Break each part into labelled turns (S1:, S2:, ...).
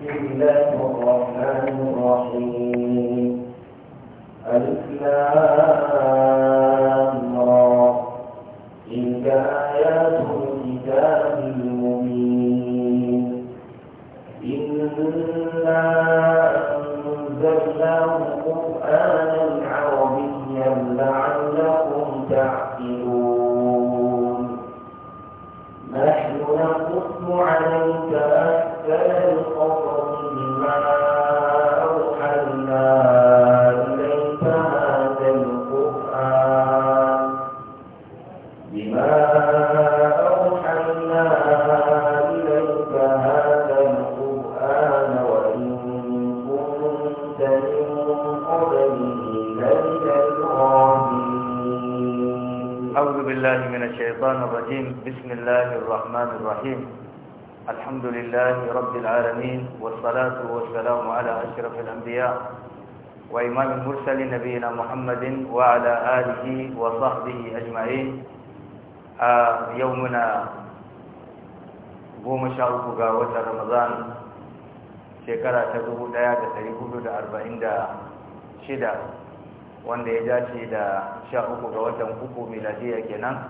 S1: بسم الله الرحمن الرحيم الإسلام
S2: لله رب العالمين والصلاة والسلام على أشرف الأنبياء وإمام المرسل نبينا محمد وعلى آله وصحبه أجمعين آه يومنا قوم شعوك قاوة رمضان شكرا تقوه دايا تتريكوه دا أربعين دا شدا وان دا يجاشي دا شعوك قاوة مقوم ميلادية كنا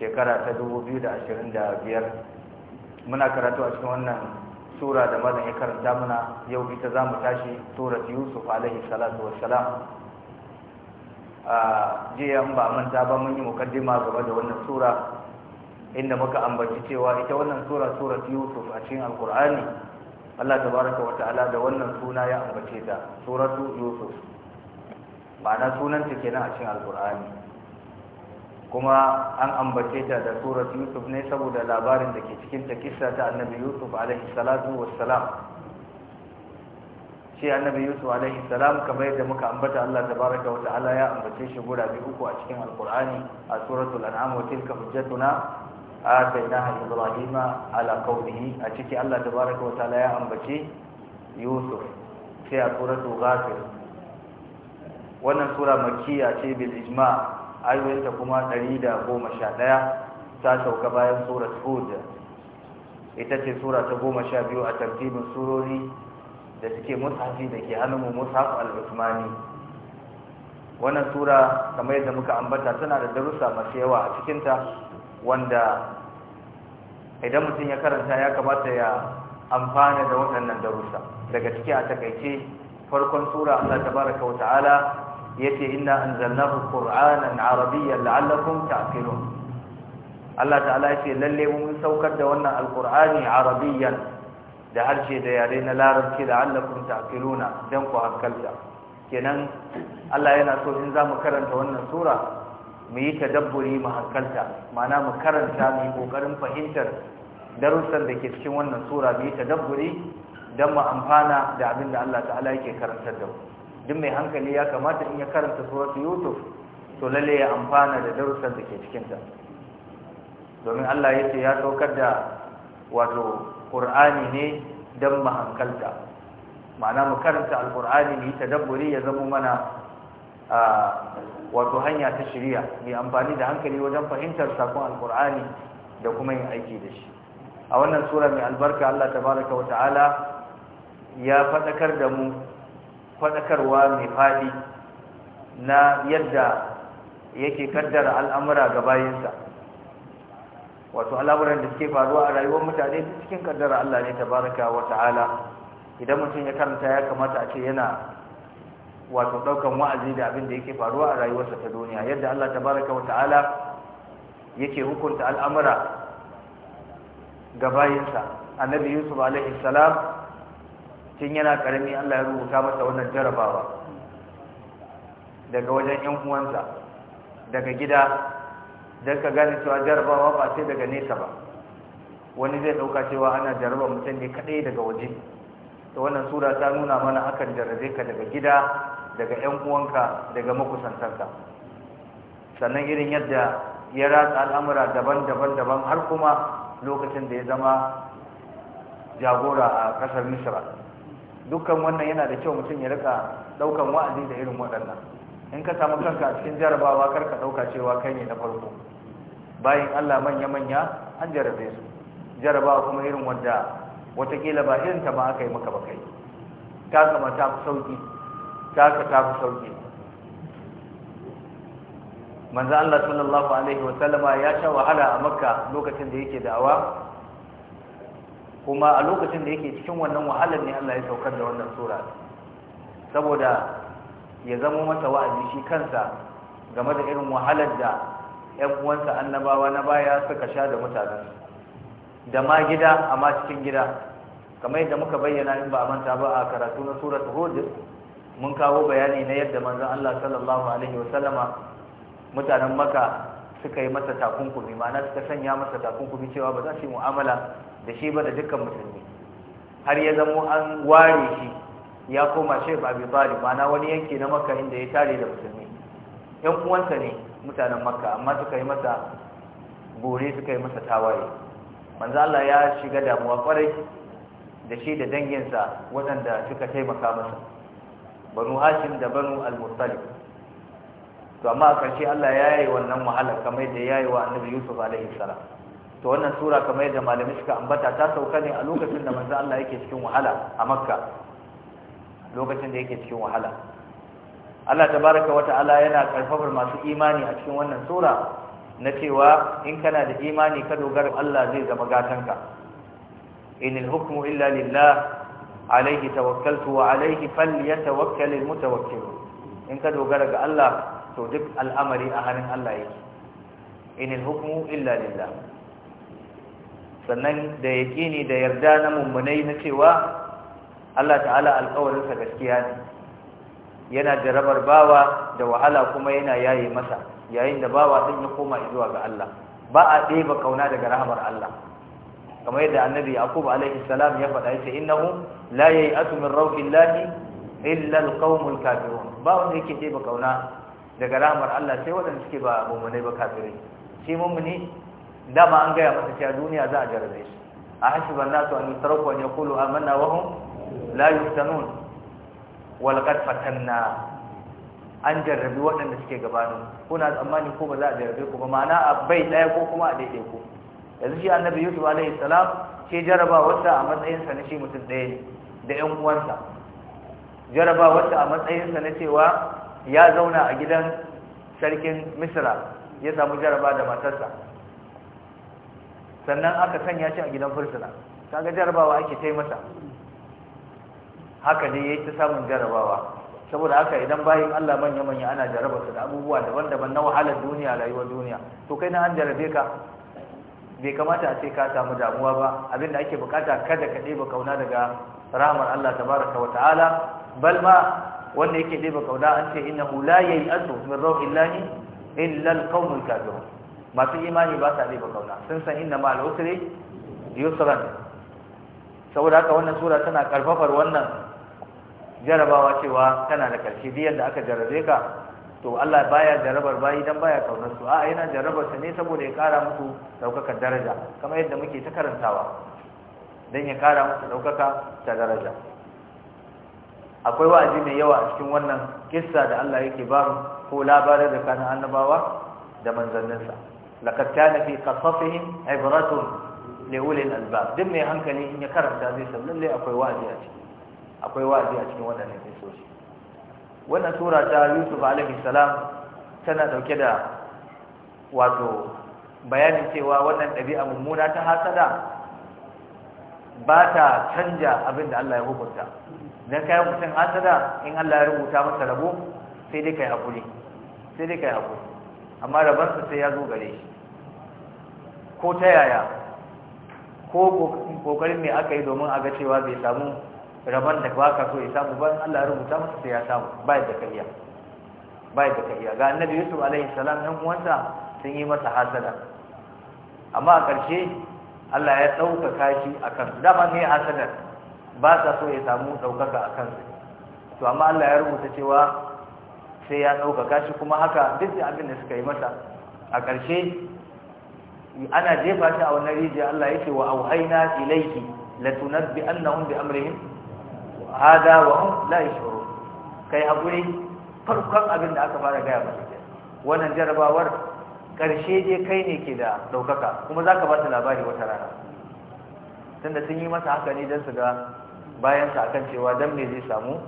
S2: شكرا تقوه بيو دا أشرين دا بيار muna karatu a cikin wannan sura da malam ya karanta muna yau ita za mu tashi surat yusuf alaihi salatu wassalam a jiya in ba manta ba mun yi mukaddima gaba da wannan sura inda muka ambaci cewa ita wannan sura surat yusuf a cikin alkur'ani Allah tabaraka wa ta'ala da wannan suna ya ambace ta suratu yusuf ma'ana sunanta kenan a cikin alkur'ani kuma an ambace ta da surat yusuf ne saboda labarin da ke cikin ta kissa ta annabi yusuf alaihi salatu wassalam shi annabi yusuf alaihi salam kamar yadda muka ambata Allah tabaraka wa ta'ala ya ambace shi gurabe uku a cikin alqur'ani a suratul an'am wa tilka hujjatuna atainaha ibrahima ala qawlihi a ciki Allah tabaraka wa ta'ala ya ambace yusuf sai a suratul ghafir wannan sura makkiya ce bil ijma' ayoyinta kuma ɗari da 111 ta sauka bayan surat hud ita ce sura ta 12 a tartibin surori da suke mushafi da ke hannun mushaf al wannan sura kamar yadda muka ambata tana da darussa masu yawa a cikinta wanda idan mutum ya karanta ya kamata ya amfana da waɗannan darussa daga ciki a takaice farkon sura Allah tabaraka wa ta'ala yace inna anzalnahu qur'anan arabiyyan la'allakum ta'qilun Allah ta'ala yace lalle mun saukar da wannan alqur'ani arabiyyan da harshe da yare na larabci la'allakum ta'qiluna dan ku hankalta kenan Allah yana so in zamu karanta wannan sura mu yi tadabburi mu hankalta ma'ana mu karanta mu yi kokarin fahimtar darussan da ke cikin wannan sura mu yi tadabburi dan mu amfana da abin da Allah ta'ala yake karantar da mu duk mai hankali ya kamata in ya karanta suratu yusuf to lalle ya amfana da darussan da ke cikinta domin Allah ya ce ya saukar da wato qur'ani ne don mu hankalta ma'ana mu karanta alqur'ani mu tadabburi ya zama mana wato hanya ta shirya mai amfani da hankali wajen fahimtar sakon alqur'ani da kuma yin aiki da shi a wannan sura mai albarka Allah tabaraka wa ta'ala ya faɗakar da mu faɗakarwa mai faɗi na yadda yake kaddara al'amura ga bayansa wato al'amuran da suke faruwa a rayuwar mutane cikin kaddara Allah ne tabaraka wa ta'ala idan mutum ya karanta ya kamata a ce yana wato ɗaukan wa'azi da abin da yake faruwa a rayuwarsa ta duniya yadda Allah tabaraka wa ta'ala yake hukunta al'amura ga bayansa annabi yusuf alaihi salam tun yana karami Allah ya rubuta masa wannan jarabawa daga wajen yan uwansa daga gida dan ka gane cewa jarabawa ba sai daga nesa ba wani zai dauka cewa ana jaraba mutum ne kadai daga waje to wannan sura ta nuna mana akan jarrabe ka daga gida daga yan uwanka daga makusantanka sannan irin yadda ya ratsa al'amura daban-daban daban har kuma lokacin da ya zama jagora a kasar misra dukkan wannan yana da kyau mutum ya rika daukan wa'azi da irin waɗannan in ka samu kanka a cikin jarabawa kar ka dauka cewa kai ne na farko bayan Allah manya manya an jarabe su jarabawa kuma irin wanda watakila ba irin ta ba aka yi maka ba kai ta kama ta fi sauki ta ka ta fi sauki manzo Allah sallallahu alaihi wa sallama ya sha wahala a Makka lokacin da yake da'awa kuma a lokacin da yake cikin wannan wahalar ne Allah ya saukar da wannan sura saboda ya zama mata wa'azi shi kansa game da irin wahalar da ƴan uwansa annabawa na baya suka sha da mutanen da ma gida amma cikin gida kamar yadda muka bayyana in ba a manta ba a karatu na surat hud mun kawo bayani na yadda manzon Allah sallallahu alaihi wa sallama mutanen maka suka yi masa takunkumi ma'ana suka sanya masa takunkumi cewa ba za su yi mu'amala da shi ba da dukkan musulmi har ya zamo an ware shi ya koma shi ba bi tsari mana wani yanki na makka inda ya tare da musulmi yan uwansa ne mutanen makka amma suka yi masa gore suka yi masa tawaye manzo Allah ya shiga damuwa kwarai da shi da danginsa waɗanda suka taimaka masa banu hashim da banu al-muttalib to amma a ƙarshe Allah ya yi wannan wahala kamar da ya yi wa annabi Yusuf alaihi salam to wannan sura kamar yadda malamai suka ambata ta sauka ne a lokacin da manzo Allah yake cikin wahala a Makka lokacin da yake cikin wahala Allah tabaraka wa ta'ala yana karfafar masu imani a cikin wannan sura na cewa in kana da imani ka dogara Allah zai zama gatanka inil hukmu illa lillah alayhi tawakkaltu wa alayhi falyatawakkalul mutawakkilun in ka dogara ga Allah to duk al'amari a hannun Allah yake inil hukmu illa lillah sannan da yaƙini da yarda na mummunai na cewa Allah ta'ala alƙawarinsa gaskiya ne yana jarabar bawa da wahala kuma yana yaye masa yayin da bawa din ya koma zuwa ga Allah ba a ɗeba kauna daga rahamar Allah kamar yadda annabi yaqub alaihi salam ya faɗa yace innahu la yai'atu min rawhillahi illa alqaumul kafirun ba wanda yake ɗeba kauna daga rahamar Allah sai waɗanda suke ba mummunai ba kafirai shi ne. dama an gaya masa cewa duniya za a jarabe shi a hashiban nasu an yutraku an yaqulu amanna wa hum la yuftanun wa laqad fatanna an jarrabi waɗanda suke gabanin kuna tsammani ko ba za a jarrabe ku ba ma'ana a bai ɗaya ko kuma a daidai ku yanzu shi annabi yusuf alaihi salam jaraba jarabawarsa a matsayin sa na shi mutum ɗaya ne da yan uwansa jarabawarsa a matsayin sa na cewa ya zauna a gidan sarkin misra ya samu jaraba da matarsa sannan aka sanya shi a gidan fursuna kaga jarabawa ake tai masa haka ne yayi ta samun jarabawa saboda haka idan bayin Allah manya manya ana jaraba su da abubuwa daban-daban na wahalar duniya rayuwar duniya to kai na an jarabe ka bai kamata a ce ka samu damuwa ba abinda ake bukata kada ka ɗeba kauna daga rahmar Allah tabaraka wa ta'ala bal ma wanda yake ɗeba kauna an ce innahu la yai'asu min rawhillahi illa al-qaumul kafirun masu imani ba sa ba kauna sun san inna ma al yusran saboda haka wannan sura tana karfafar wannan jarabawa cewa tana da karshe duk da aka jarabe ka to Allah baya jarabar bayi dan baya kaunar su a'a yana jarabar su ne saboda ya kara musu daukakar daraja kamar yadda muke ta karantawa dan ya kara musu daukaka ta daraja akwai wa'azi mai yawa a cikin wannan kissa da Allah yake ba ko labarin da kanin annabawa da manzanninsa laqad kana fi qasasihim ibratun li ulil albab duk mai hankali in ya karanta zai san lalle akwai wa'azi a ciki akwai wa'azi a cikin wannan kisoshi wannan sura ta Yusuf alaihi salam tana dauke da wato bayanin cewa wannan ɗabi'a mummuna ta hasada ba ta canja abin da Allah ya hukunta dan kai mutum hasada in Allah ya rubuta masa rabo sai dai kai hakuri sai dai kai hakuri amma rabansa sai ya zo gare shi ko ta yaya ko kokarin ne aka yi domin a ga cewa bai samu rabon da ba ka so ya samu ba Allah ya rubuta masa sai ya samu bai da kariya bai da kariya ga annabi Yusuf alaihi salam ɗan uwansa sun yi masa hasada amma a ƙarshe Allah ya ɗaukaka shi a kansu dama ne hasada ba sa so ya samu ɗaukaka a kansu to amma Allah ya rubuta cewa sai ya ɗaukaka shi kuma haka duk da abin da suka yi masa a ƙarshe ana jefa shi a wannan rijiya Allah yake wa auhayna ilayhi latunabbi annahum bi amrihim hada wa hum la yashurun kai hakuri farkon abin da aka fara gaya ba wannan jarabawar karshe je kai ne ke da daukaka kuma zaka ba ta labari wata rana tunda sun yi masa haka ne dan su ga bayan sa akan cewa dan me zai samu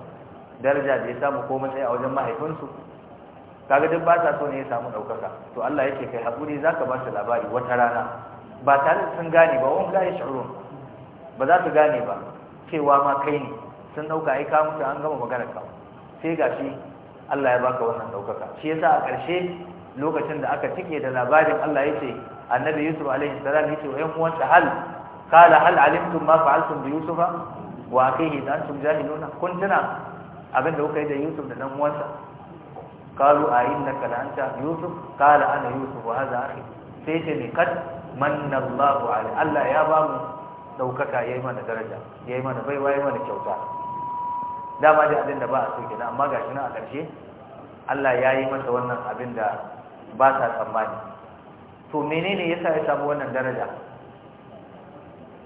S2: daraja da ya samu ko matsayi a wajen mahaifinsu kaga duk ba sa so ne ya samu ɗaukaka to Allah yake kai hakuri za ka ba su labari wata rana ba tare sun gane ba wani gane shi'urun ba za su gane ba cewa ma kai ne sun ɗauka ai ka mutu an gama maganar ka sai ga shi Allah ya baka wannan ɗaukaka shi yasa a ƙarshe lokacin da aka tike da labarin Allah ya annabi Yusuf alaihi salam ya wa 'yan uwansa hal kala hal alimtum ma fa'altum bi Yusufa wa akhihi da antum jahiluna kun tuna abin kuka yi da Yusuf da dan uwansa Kalu a innaka la anta yusuf qala ana yusuf wa hadha akhi sai ce ne kad manna Allahu alai Allah ya ba mu daukaka yi mana daraja ya yi mana baiwa yi mana kyauta dama dai abin da ba a so kenan amma gashi na a ƙarshe Allah ya yi masa wannan abin da ba sa tsammani to menene ya sa ya samu wannan daraja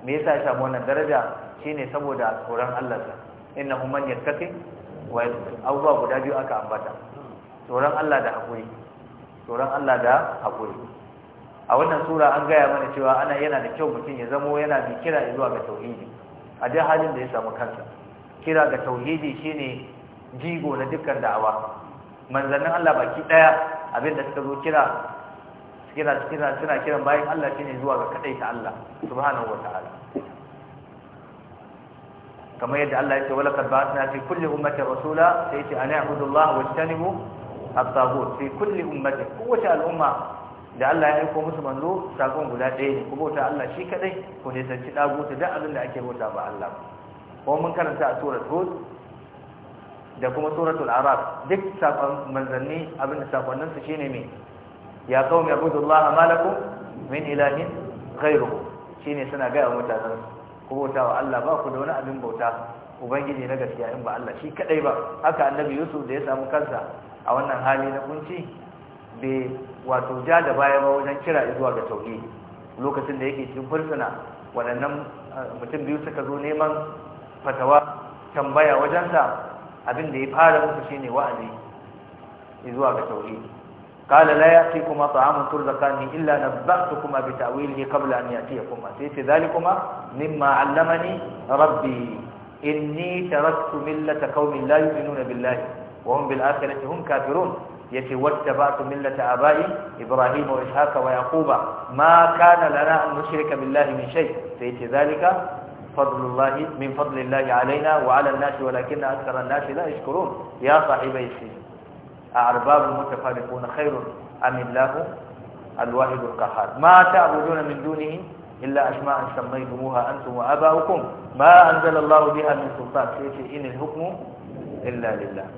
S2: me ya sa ya samu wannan daraja Shi ne saboda tsoron Allah sa innahu man yattaqi wa yasbir abubuwa guda biyu aka ambata tsoron Allah da haƙuri tsoron Allah da haƙuri a wannan sura an gaya mana cewa ana yana da kyau mutum ya zamo yana mai kira zuwa ga tauhidi a dai halin da ya samu kansa kira ga tauhidi shine jigo na dukkan da'awa manzannin Allah baki daya abinda suka zo kira kira kira suna kiran bayan Allah shine zuwa ga ta Allah subhanahu wataala kamar yadda Allah ya ce wala kad ba'athna fi kulli ummatin rasula sai ce ana ta wajtanibu at-tagut fi kulli ummati kowace al'umma da Allah ya aika musu manzo sakon guda ɗaya ne kuma wata Allah shi kadai ku ne sanci ta duk abin da ake bauta ba Allah ko mun karanta a surat Hud da kuma suratul Araf duk sakon manzanni abin da sakonnin su shine me ya qaumi ibudullaha ma lakum min ilahin ghayru shine suna ga mutanen ku bauta wa Allah ba ku da wani abin bauta ubangiji na gaskiya in ba Allah shi kadai ba haka annabi Yusuf da ya samu kansa a wannan hali na kunci bai wato ja da baya ba wajen kira zuwa ga tauhidi lokacin da yake cikin fursuna waɗannan eh, mutum biyu suka zo neman fatawa tambaya wajensa abin da ya fara musu shine wa'azi zuwa ga tauhidi قال لا يأتيكما طعام ترزقان إلا نبأتكما بتأويله قبل أن يأتيكما سيتي ذلكما مما علمني ربي إني تركت ملة قوم لا يؤمنون بالله wa hum bil akhirati hum kafirun yace wattaba'tu millata bai ibrahim wa ishaqa wa yaquba ma kana lana an nushrika billahi min shay sai yace zalika fadlullahi min fadlillahi alaina wa'ala ala an-nasi walakinna akthara an-nasi la yashkurun ya sahibai bai arbabun mutafarriquna khairun am illahu al-wahid al-qahhar ma ta'buduna min dunihi إلا أسماء سميتموها أنتم وأباؤكم ما أنزل الله بها من سلطان شيء إن الحكم إلا لله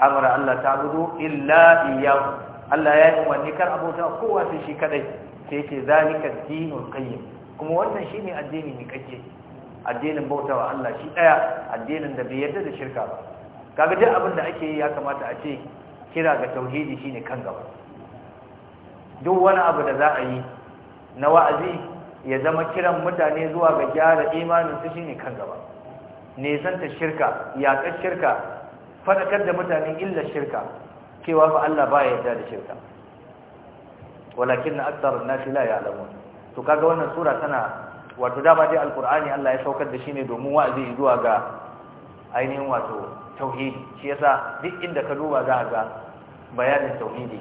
S2: amara Allah ta budu illa iyyahu Allah ya yi umarni kar abota kowa sai shi kadai sai ce zalika dinul qayyim kuma wannan shine addini ne kake addinin bautawa Allah shi daya addinin da bai yarda da shirka ba kaga duk abin da ake yi ya kamata a ce kira ga tauhidi shine kan gaba duk wani abu da za a yi na wa'azi ya zama kiran mutane zuwa ga gyara imanin su shine kan gaba ne santa shirka yaƙar shirka fadakar da mutane illa shirka cewa fa Allah ba ya yarda da shirka walakin an nasi la ya'lamun to kaga wannan sura tana wato dama dai alqur'ani Allah ya saukar da shi ne domin wa'azi zuwa ga ainihin wato tauhidi shi yasa duk inda ka duba za ga bayanin tauhidi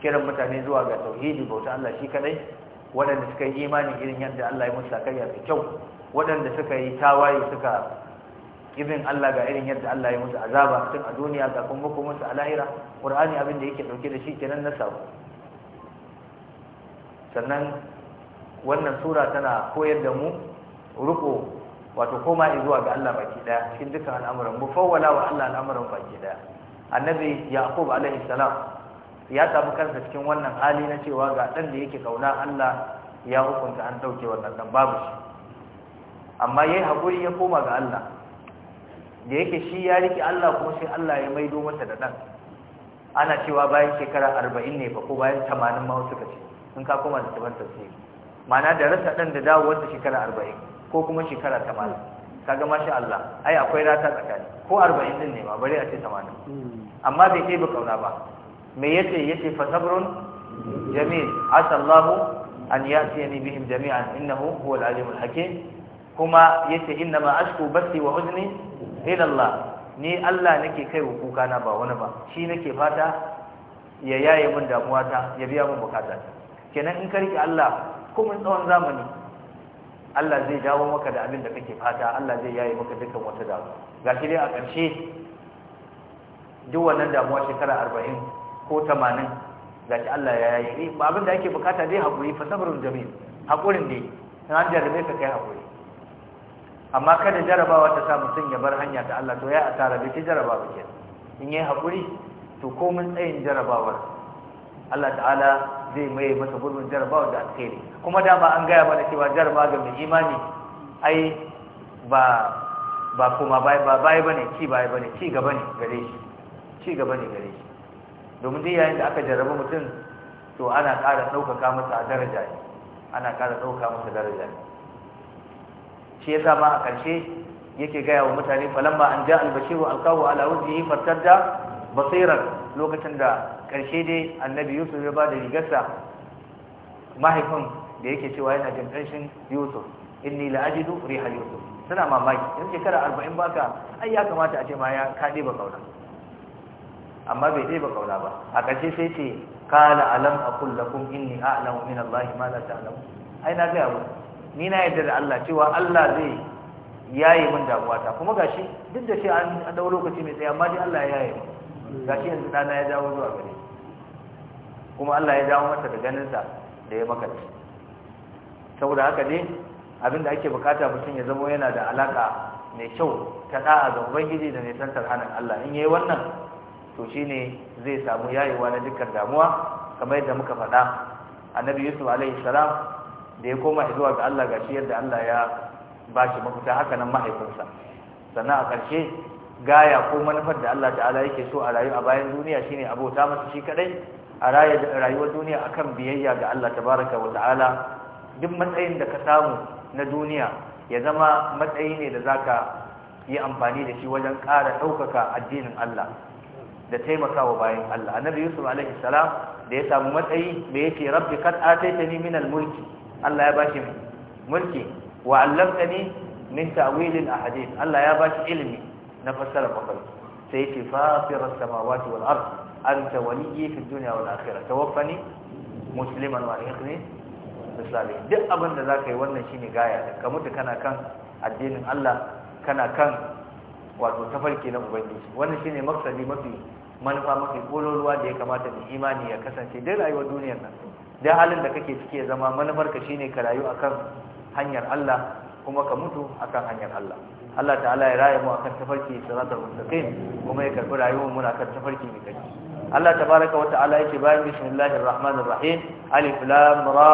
S2: kiran mutane zuwa ga tauhidi bauta Allah shi kadai waɗanda suka yi imani irin yadda Allah ya musu sakayya da kyau waɗanda suka yi tawaye suka ibin Allah ga irin yadda Allah ya musu azaba tun a duniya ga kuma muku musu a lahira qur'ani abin da yake dauke da shi kenan na sabo sannan wannan sura tana koyar da mu ruko wato koma zuwa ga Allah baki daya cikin dukkan al'amuran mu fawwala wa Allah al'amuran baki daya annabi yaqub alaihi salam ya tabu kansa cikin wannan hali na cewa ga dan da yake kauna Allah ya hukunta an dauke wannan dan babu shi amma yayi hakuri ya koma ga Allah da yake shi ya riƙe Allah kuma sai Allah ya maido masa da dan ana cewa bayan shekara arba'in ne ba ko bayan tamanin ma wasu kace in ka koma da tabar tafsiri ma'ana da rasa dan da dawo wata shekara arba'in ko kuma shekara tamanin kaga mashi Allah ai akwai rata tsakani ko arba'in din ne ma bare a ce tamanin amma bai kai ba kauna ba me yace yace fa sabrun jamil asallahu an yatiyani bihim jami'an innahu huwal alimul hakim kuma yace inna ma ashku basi wa huzni ilallah ni Allah nake kai kuka na ba wani ba shi nake fata ya yaye min damuwa ta ya biya min bukata kenan in ka rike Allah kuma tsawon zamani Allah zai dawo maka da abin da kake fata Allah zai yaye maka dukkan wata damuwa shi dai a ƙarshe duk wannan damuwa shekara arba'in ko ga shi Allah ya yaye ba abin da ake bukata dai hakuri fa sabrun jamil ne dai an jarrabe ka kai hakuri amma kada jarabawa ta sa mutum ya bar hanya ta Allah to ya asara bai ta ba ke in yi haƙuri to komin tsayin jarabawar Allah ta'ala zai maye masa gurbin jarabawar da alkhairi kuma da ba an gaya mana cewa jaraba ga mai imani ai ba ba kuma bai ba bai bane ci bai bane ci gaba ne gare shi ci gaba ne gare shi domin dai yayin da aka jarabi mutum to ana ƙara ɗaukaka masa daraja ana ƙara ɗauka masa daraja ne shi yasa ma a ƙarshe yake gaya wa mutane falamma an ja albashiru alqahu ala wajhihi fartadda basirar lokacin da ƙarshe dai annabi yusuf ya ba da rigarsa mahaifin da yake cewa yana jin ƙarshen yusuf inni la'ajidu rihal yusuf suna mamaki in shekara arba'in baka ai ya kamata a ce ma ya kaɗe ba kauna amma bai ɗeba kauna ba a ƙarshe sai ce kala alam a kullakun inni a'lamu min allahi ma la ta'lamu ai na gaya muku ni na yadda da Allah cewa Allah zai yaye min damuwata kuma gashi duk da shi an dau lokaci mai tsaya amma dai Allah ya yaye gashi yanzu dana ya dawo zuwa gare kuma Allah ya dawo masa da ganin sa da ya maka saboda haka dai abinda ake bukata mutum ya zama yana da alaka mai kyau ta da'a ga ubangiji da san tarhanan Allah in yayi wannan to shine zai samu yayewa na dukkan damuwa kamar yadda muka faɗa annabi yusuf alaihi salam da ya koma zuwa ga Allah gashi yadda Allah ya bashi mafita haka nan mahaifinsa sannan a ƙarshe gaya ko manufar da Allah ta'ala yake so a rayu a bayan duniya shine abota masa shi kadai a rayuwar duniya akan biyayya ga Allah tabaraka wa ta'ala duk matsayin da ka samu na duniya ya zama matsayi ne da zaka yi amfani da shi wajen ƙara ɗaukaka addinin Allah da taimakawa bayan Allah annabi Yusuf alaihi salam da ya samu matsayi da yake rabbi kad ataitani min al-mulki Allah ya bashi mulki wa allamtani min ta'wilil ahadith Allah ya bashi ilimi na fassara mafarki sai yace fatir samawati wal ard anta waliyyi fi dunya wal akhirah tawaffani musliman wa akhirni misali duk abin da zaka yi wannan shine gaya ka mutu kana kan addinin Allah kana kan wato tafarki na ubangiji wannan shine maksadi mafi manufa mafi kololuwa da ya kamata mu imani ya kasance da rayuwar duniyar nan da halin da kake ciki ya zama manufarka shine ka rayu akan hanyar Allah kuma ka mutu akan hanyar Allah Allah ta'ala ya raye mu akan tafarki siratal mustaqim kuma ya karbi rayuwar mu akan tafarki mai kai Allah tabaraka wa ta'ala yake bayan bismillahir rahmanir rahim alif lam ra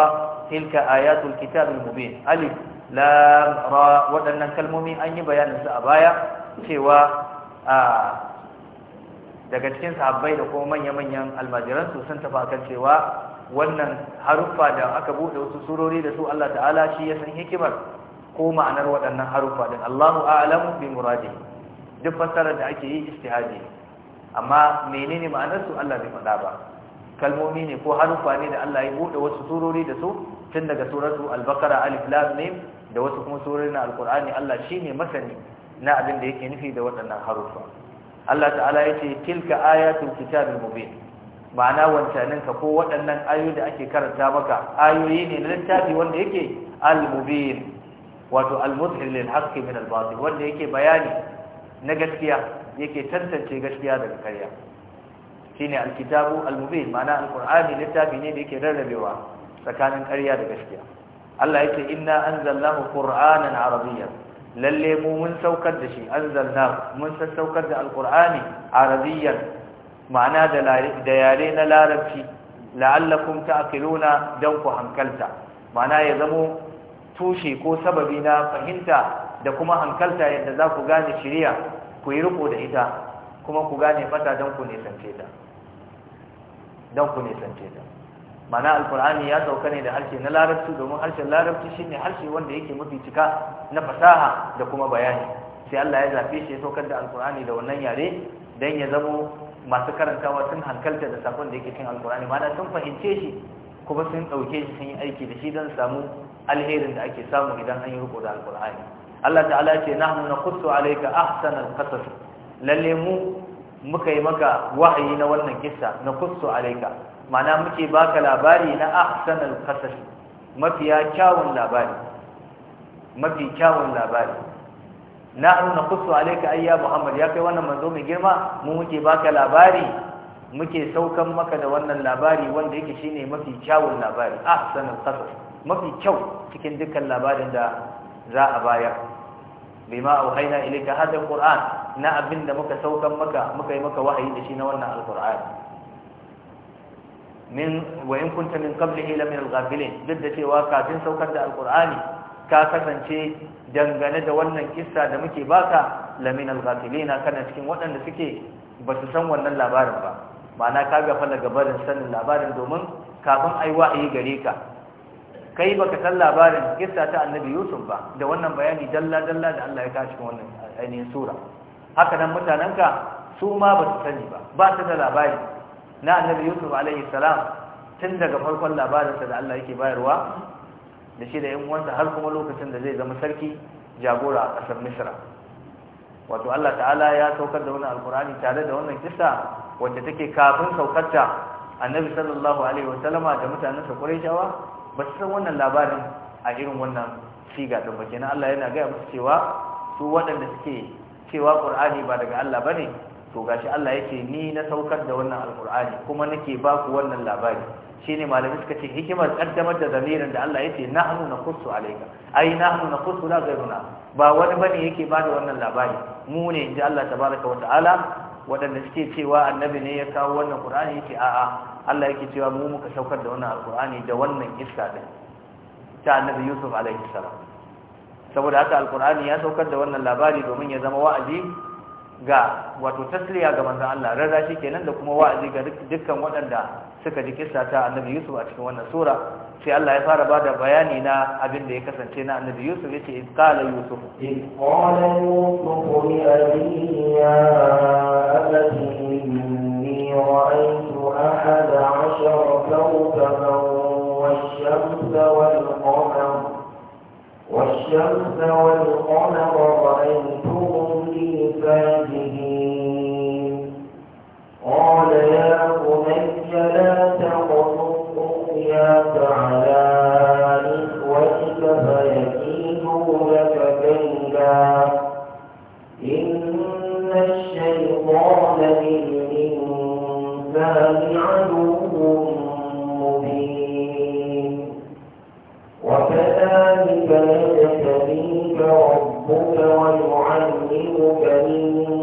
S2: tilka ayatul kitabil mubin alif lam ra wadannan kalmomi an yi bayanin su a baya cewa daga cikin sahabbai da kuma manya-manyan almajiransu sun tafi akan cewa wannan haruffa da aka bude wasu surori da su Allah ta'ala shi ya san hikimar ko ma'anar waɗannan haruffa din Allahu a'lamu bi muradi duk fassarar da ake yi istihadi amma menene ma'anar su Allah bai faɗa ba kalmomi ne ko haruffa ne da Allah ya bude wasu surori da su tun daga suratu al-baqara alif lam mim da wasu kuma surori na alqur'ani Allah shine masani na abin da yake nufi da waɗannan haruffa Allah ta'ala yace tilka ayatul kitabil mubin ma'ana wancaninka ko waɗannan ayoyi da ake karanta maka ayoyi ne na littafi wanda yake al-mubin wato al-mudhir lil haqqi min al-batil wanda yake bayani na gaskiya yake tantance gaskiya daga ƙarya shine al-kitabu al-mubin ma'ana al-qur'ani littafi ne da yake rarrabewa tsakanin ƙarya da gaskiya Allah yake inna anzalnahu qur'anan arabiyyan lalle mu mun saukar da shi anzalnahu mun saukar da al-qur'ani arabiyyan ma'ana da yare na larabci la'allakum ta'qiluna dan ku hankalta ma'ana ya zamo tushe ko sababi na fahimta da kuma hankalta yadda za ku gane shiriya ku yi riko da ita kuma ku gane fata dan ku sance ta dan ku sance ta ma'ana alqur'ani ya sauka ne da harshe na larabci domin harshen larabci shine harshe wanda yake mafi cika na fasaha da kuma bayani sai Allah ya zafe shi ya saukar da alqur'ani da wannan yare dan ya zamo masu karantawa sun hankalta da sakon da yake cin alkurani mana sun fahimce shi kuma sun ɗauke shi sun yi aiki da shi don samu alherin da ake samu idan an yi riko da alkurani Allah ta'ala ce na na naqussu alayka ahsanal qasas lalle mu muka yi maka wahayi na wannan kisa na naqussu alayka mana muke baka labari na ahsanal qasas mafiya kyawun labari mafi kyawun labari nahnu kusa alayka ayya muhammad ya kai wannan manzo mai girma mu muke baka labari muke saukan maka da wannan labari wanda yake shine mafi kyawun labari ahsanul qasas mafi kyau cikin dukkan labarin da za a bayar bima auhayna ilayka hada alquran na abinda muka saukan maka muka yi maka wahayi da shi na wannan alquran min wa in kunta min qablihi la min alghafilin duk da cewa kafin saukar da alqurani ta kasance dangane da wannan kissa da muke baka lamin al-ghafilina kana cikin waɗanda suke ba su san wannan labarin ba ma'ana ka fa daga barin sanin labarin domin kafin ai wa'ayi gare ka kai baka san labarin kissa ta annabi yusuf ba da wannan bayani dalla dalla da Allah ya kawo cikin wannan ainihin sura haka nan ka, su ma ba su sani ba ba su da labari na annabi yusuf alaihi salam tun daga farkon labarinsa da Allah yake bayarwa da shi da yan uwansa har kuma lokacin da zai zama sarki jagora a ƙasar misra wato Allah ta'ala ya saukar da wani alkurani tare da wannan kisa wacce take kafin saukarta annabi sallallahu alaihi sallama da mutanen sa kurayshawa ba su san wannan labarin a irin wannan siga din ba kenan Allah yana gaya musu cewa su waɗanda suke cewa qur'ani ba daga Allah ba ne to gashi Allah yake ni na saukar da wannan alkurani kuma nake ba ku wannan labari ne malamai suka ce hikimar kaddamar da zamirin da Allah ya ce na yace nahnu naqussu alayka ai nahnu naqussu la ghayruna ba wani bane yake bada wannan labari mu ne inji Allah tabaraka wa ta'ala waɗanda suke cewa annabi ne ya kawo wannan qur'ani yace a'a Allah yake cewa mu muka saukar da wannan Alƙur'ani da wannan iska din ta annabi Yusuf alaihi salam saboda haka Alƙur'ani ya saukar da wannan labari domin ya zama wa'azi ga wato tasliya ga manzon Allah rarra shi kenan da kuma wa'azi ga dukkan waɗanda suka ji kissa ta Annabi Yusuf a cikin wannan sura sai Allah ya fara ba da bayani na abin da ya kasance na Annabi Yusuf yace ce qala Yusuf in qala
S1: Yusuf li inni ra'aytu ahada 'ashara kawkaban wash-shamsa wal-qamara والشمس والقمر رأيتهم لي قال يا بني لا تقصد رؤياك على إخوتك فيكيدوا لك كيدا إن الشيطان للإنسان عدو يبارك كريم ربك ويعلمك من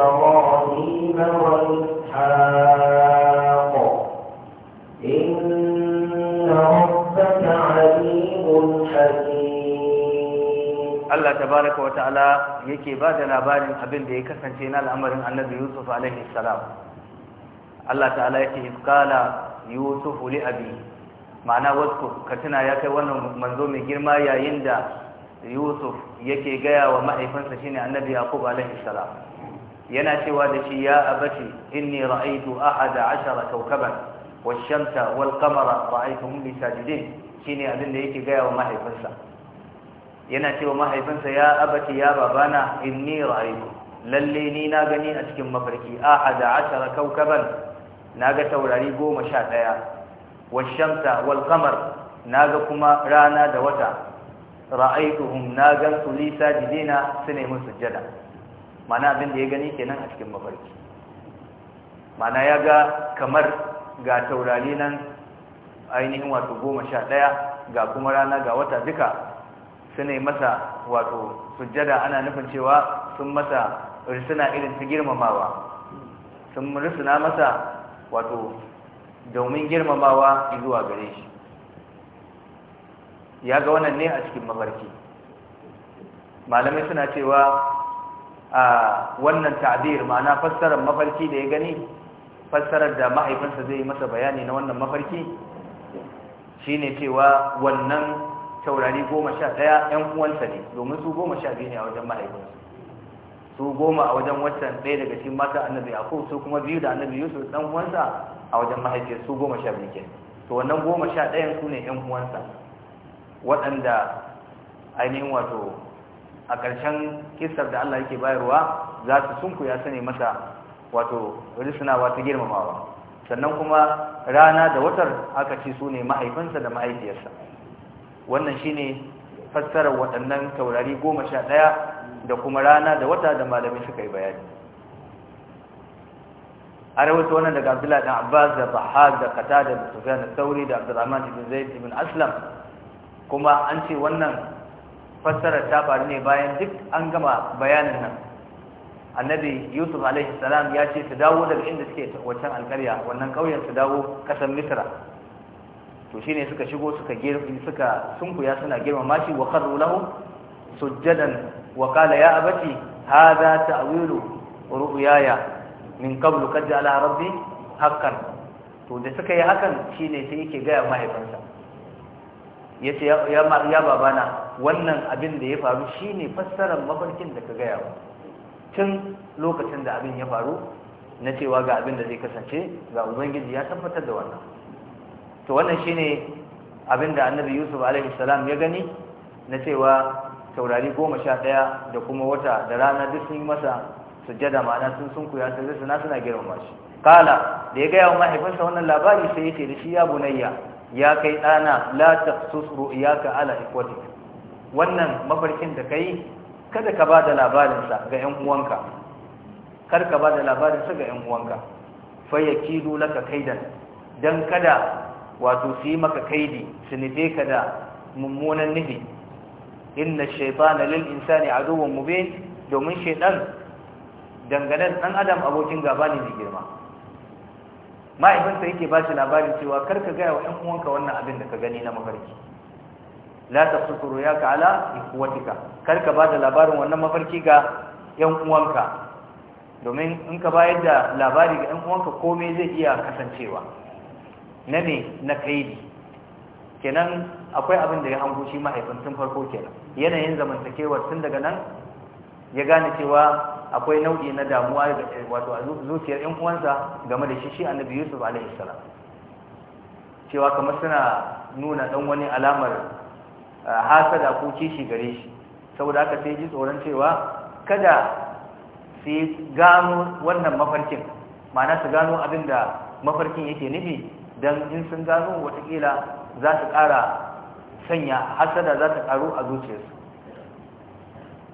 S1: وإبراهيم وإسحاق إن ربك عليم
S2: حكيم الله تبارك وتعالى yake ba da labarin abin da ya kasance na al'amarin annabi yusuf alaihi salam Allah ta'ala ya ce ifkala yusuf wuli abi ma'ana wasu ka tuna ya kai wannan manzo mai girma yayin da yusuf yake gaya wa mahaifinsa ne annabi yaqub alaihi salam yana cewa da shi ya abati inni ra'aytu ahada ashara kawkaban wash-shamsa wal-qamara ra'aytuhum li sajidin shine abin da yake gaya wa mahaifinsa yana cewa mahaifinsa ya abati ya babana inni ra'aytu lalle ni na gani a cikin mafarki ahada ashara kawkaban naga taurari 11 wash-shamsa wal-qamar naga kuma rana da wata ra'aytuhum na gansu li sajidina sune musujjada mana abin da ya gani kenan a cikin mafarki mana ya ga kamar ga taurari nan ainihin wato goma sha ɗaya ga kuma rana ga wata duka su ne masa wato sujjada ana nufin cewa sun masa risuna irin ta girmamawa sun risuna masa wato domin girmamawa zuwa gare shi ya ga wannan ne a cikin mafarki malamai suna cewa a wannan ta'bir ma'ana fassarar mafarki da ya gani fassarar da mahaifinsa zai masa bayani na wannan mafarki shine cewa wannan taurari goma sha daya ‘yan uwansa ne domin su goma sha biyu ne a wajen mahaifinsu su goma a wajen watan ɗaya daga cikin mata annabi a su kuma biyu da annabi yusuf ɗan uwansa a wajen mahaifiyar su goma sha biyu ke to wannan goma sha ɗayan su ne ‘yan uwansa waɗanda ainihin wato a ƙarshen kisar da Allah yake bayarwa za su sunkuya ya ne masa wato risuna wata girmamawa sannan kuma rana da watar aka ce su ne mahaifinsa da mahaifiyarsa wannan shi ne fassarar waɗannan taurari goma sha ɗaya da kuma rana da wata da malami suka yi bayani a rawaita wannan daga abdullahi ɗan abbas da bahar da kata da sufiya da sauri da abdullahi ibn zaid ibn aslam kuma an ce wannan fassarar ta faru ne bayan duk an gama bayanin nan annabi yusuf alaihi salam ya ce su dawo daga inda suke waccan alkarya wannan ƙauyen su dawo ƙasar misra to shine suka shigo suka suka sunkuya suna girmama shi wa kharru lahu sujjadan wa qala ya abati hadha ta'wilu ru'yaya min qablu kad ja'ala rabbi haqqan to da suka yi hakan shine sai yake ga mahaifinsa ya ce ya babana wannan abin da ya faru shi ne fassarar mafarkin da ka gaya tun lokacin da abin ya faru na cewa ga abin da zai kasance ga ubangiji ya tabbatar da wannan to wannan shi ne abin da annabi yusuf alaihissalam ya gani na cewa taurari goma sha ɗaya da kuma wata da rana duk sun yi masa sujjada ma'ana sun sun kuya sun suna suna girmama shi kala da ya gaya wa mahaifinsa wannan labari sai ya ce da shi ya bunayya ya kai ɗana la taqsus ka ala ikwati wannan mafarkin da kai kada ka bada labarin sa ga ƴan uwanka kar ka bada labarin sa ga ƴan uwanka fa yakidu laka kaidan dan kada wato su yi maka kaidi su nufe ka da mummunan nufi inna shaytana lil insani aduwwun mubin domin shaytan dangane dan adam abokin gaba ne mai girma mahaifinsa yake ba shi labarin cewa kar ka gaya wa 'yan uwanka wannan abin da ka gani na mafarki la tafsutu ya ala ikhwatika kar ka ba da labarin wannan mafarki ga 'yan uwanka domin in ka bayar da labari ga 'yan uwanka komai zai iya kasancewa na ne na kaidi kenan akwai abin da ya hango shi mahaifin farko kenan yanayin zamantakewar tun daga nan ya gane cewa akwai nau'i na damuwa wato a zuciyar yan uwansa game da shi shi annabi yusuf alaihi salam cewa kamar suna nuna dan wani alamar hasada ko kishi gare shi saboda haka sai ji tsoron cewa kada su gano wannan mafarkin ma'ana su gano abin da mafarkin yake nufi don in sun gano watakila za su ƙara sanya hasada za ta ƙaru a zuciyarsu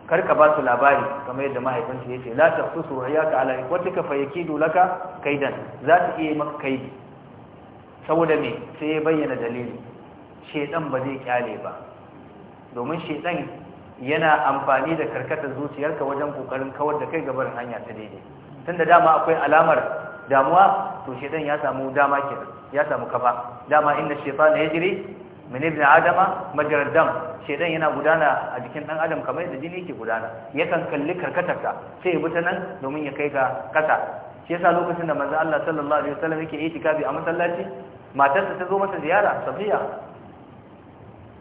S2: karka ba su labari kamar yadda mahaifinsu ya ce la ta fi soyayya ka ala ikwatuka fa Ka laka kaidan za ta iya maka kaidi saboda me sai ya bayyana dalili shaidan ba zai kyale ba domin shaidan yana amfani da karkatar zuciyarka wajen kokarin kawar da kai ga barin hanya ta daidai tunda dama akwai alamar damuwa to shaidan ya samu dama ke ya samu kafa dama na shaytana jiri? min ibn adama majrad dam shedan yana gudana a jikin dan adam kamar yadda jini yake gudana yakan kalli karkatarka sai ya buta nan domin ya kai ga kasa shi yasa lokacin da manzo Allah sallallahu alaihi wasallam yake itikafi a masallaci matarsa ta zo masa ziyara safiya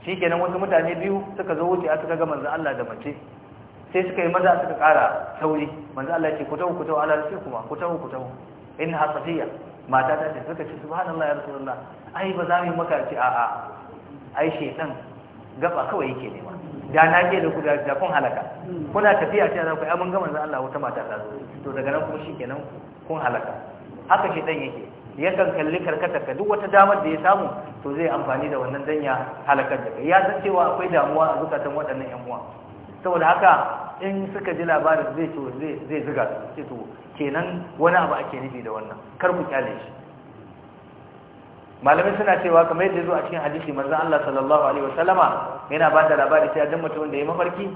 S2: shikenan wasu mutane biyu suka zo wuce a suka ga manzo Allah da mace sai suka yi maza suka kara sauri manzo Allah yake ku tawo ku tawo ala rasul kuma ku tawo ku tawo inna safiya mata ta ce suka ce subhanallahi ya rasulullah ai ba za mu yi maka ce a'a ai shaitan gaba kawai yake nema da na je da ku da kun halaka kuna tafiya ta zaku ku ai mun ga manzon Allah wata mata ta to daga nan kuma shikenan kun halaka haka shaitan yake yakan kalli karkata ka duk wata damar da ya samu to zai amfani da wannan danya halakar da kai ya san cewa akwai damuwa a zukatan waɗannan yan uwa saboda haka in suka ji labarin zai to zai ziga su ce to kenan wani abu ake nufi da wannan kar ku kyale shi malamai suna cewa kamar yadda zo a cikin hadisi manzon Allah sallallahu alaihi wasallama yana ba da labari sai dan mutumin da ya mafarki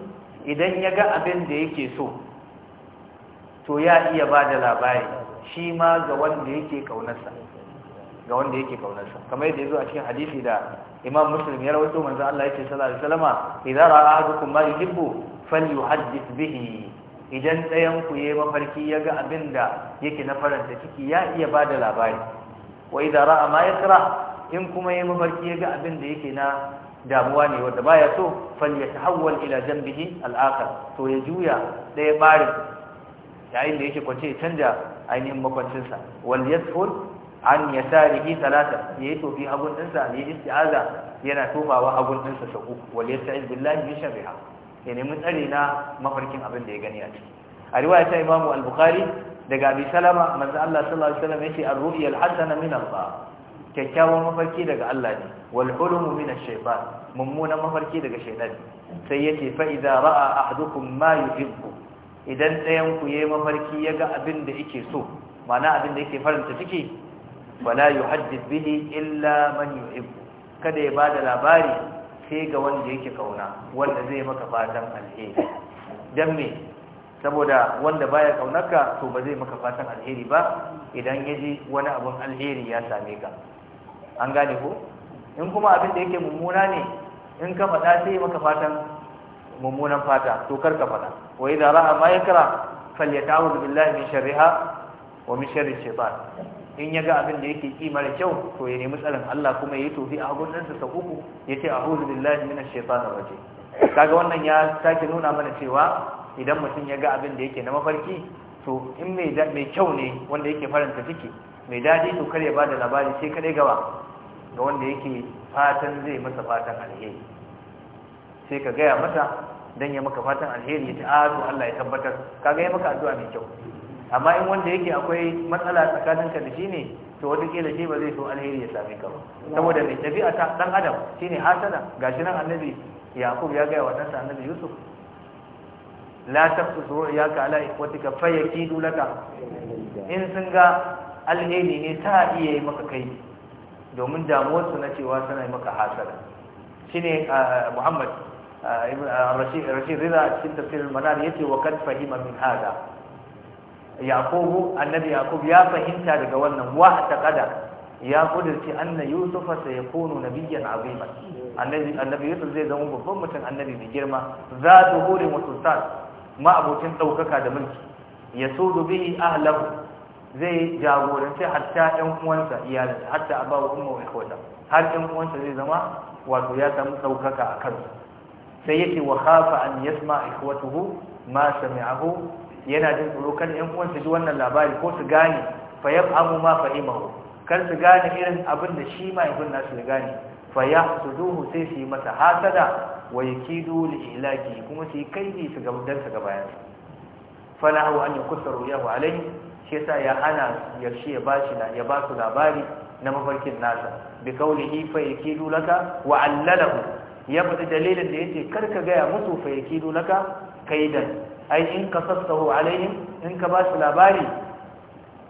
S2: idan ya ga abin da yake so to ya iya ba da labari shi ma ga wanda yake kaunarsa ga wanda yake kaunarsa kamar yadda zo a cikin hadisi da Imam Muslim ya rawaito manzon Allah yake sallallahu alaihi wasallama idza ra'a ahadukum ma yuhibbu falyuhaddith bihi idan ɗayan ku yayi mafarki ya ga abin da yake na faranta ciki ya iya ba da labari wa idza ra'a ma yakra in kuma yayi mafarki yaga abin da yake na damuwa ne wanda baya so falyatahawwal ila janbihi al-akhar to ya juya daya barin yayin da yake kwance ya canja ainihin makwancinsa wal yasfur an yasarihi thalatha yayi to bi hagun dinsa ne isti'aza yana tofawa hagun dinsa sau uku wal yasta'iz billahi min sharriha ya nemi tsare na mafarkin abin da ya gani a ciki a riwaya ta Imam Al-Bukhari daga abi salama manzo Allah sallallahu alaihi wasallam yace ar-ru'ya al-hasana min Allah kyakkyawan mafarki daga Allah ne wal hulum min ash-shaytan mummunan mafarki daga shaytan sai yace fa idza ra'a ahadukum ma yuhibbu idan ɗayan ku yayi mafarki yaga abin da yake so mana abin da yake faranta ciki wala yuhaddith bihi illa man yuhibbu kada ya bada labari sai ga wanda yake kauna wanda zai maka fatan alheri dan me saboda wanda baya kaunarka to ba zai maka fatan alheri ba idan ya ji wani abin alheri ya same ka an gane ko in kuma abin da yake mummuna ne in ka faɗa sai maka fatan mummunan fata to kar ka faɗa wa idza ra'a ma yakra falyata'awud billahi min sharriha wa min sharri shaytan in yaga abin da yake ki mara kyau to ya nemi tsarin Allah kuma yayi tofi a gurin sa uku yace a'udhu billahi minash shaytanir rajim kaga wannan ya sake nuna mana cewa idan mutum ya ga abin da yake na mafarki to in mai kyau ne wanda yake faranta ciki mai daɗi to kare ba da labari sai kare gaba ga wanda yake fatan zai masa fatan alheri sai ka gaya masa don ya maka fatan alheri ya ah, ta'azu Allah ya tabbatar kaga ya maka addu'a mai kyau amma in wanda yake akwai matsala tsakaninka da shi ne to kila shi ba zai so alheri ya same ka ba saboda mai tafiya ta dan adam shine hasana gashi nan annabi Yakubu ya gaya wa ɗansa annabi yusuf la taqsu ru'yaka ala ikwatika ki laka in sun ga alheri ne ta iya yi maka kai domin damuwarsu na cewa suna yi maka Shi ne ah, ah, Muhammad ah, Rashid Rida a cikin tafsirin manar ce wa kan fahima min hada Yakubu annabi yakubu ya fahimta daga wannan wa kada ya kudurci anna yusufa sai ya kono biyan aziman annabi yusuf zai zama babban mutum annabi mai girma za duhurin wa sultan ma abokin da mulki ya so dubi ahlahu zai jagoranci hatta ɗan uwansa iyalinsa hatta abawa umma wa ikhwata har ɗan uwansa zai zama wato ya samu ɗaukaka a kansa sai yake wa khafa an yasma ikhwatuhu ma sami'ahu yana jin tsoro kan ɗan uwansa ji wannan labari ko su gane fa yab'amu ma fahimahu kar su gane irin abin da shi ma ibn nasu gane fa duhu sai su yi masa hasada wa ya li ilahi kuma su yi kaidi su ga dan su ga bayan fala hu an roya yahu alai shi sa ya hana yarshe ya ba su labari na mafarkin nasa bi qawlihi fa yakidu laka wa allalahu ya fada dalilin da ya ce karka ga musu fa yakidu laka kaidan ai in ka kasastahu alai in ka ba su labari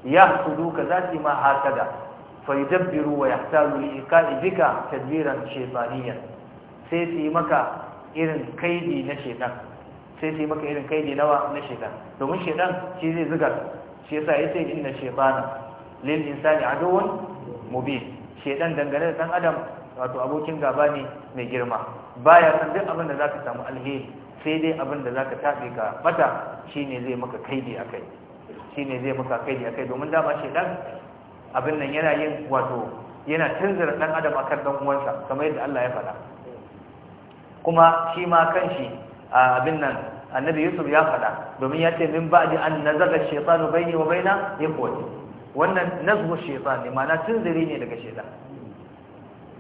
S2: su su yi ma hasada fayudabbiru wa yahtaju li iqa'i bika tadbiran shaytaniyan sai su yi maka irin kaidi na shaytan sai su yi maka irin kaidi nawa na shaytan domin shaytan shi zai zuga shi yasa ya ce inna shaytana lil insani aduwwun mubin shaytan dangane da dan adam wato abokin gaba ne mai girma baya san duk abin da zaka samu alheri sai dai abin da zaka tabe ga mata shine zai maka kaidi akai shine zai maka kaidi akai domin dama shaytan abin nan yana yin wato yana tunzura dan adam akan dan uwansa kamar yadda Allah ya faɗa kuma shi ma kanshi abin nan annabi Yusuf ya faɗa domin ya ce min ba'di an nazala ash-shaytanu bayni wa bayna ikhwati wannan nazmu shaytan ne ma'ana canzari ne daga shaytan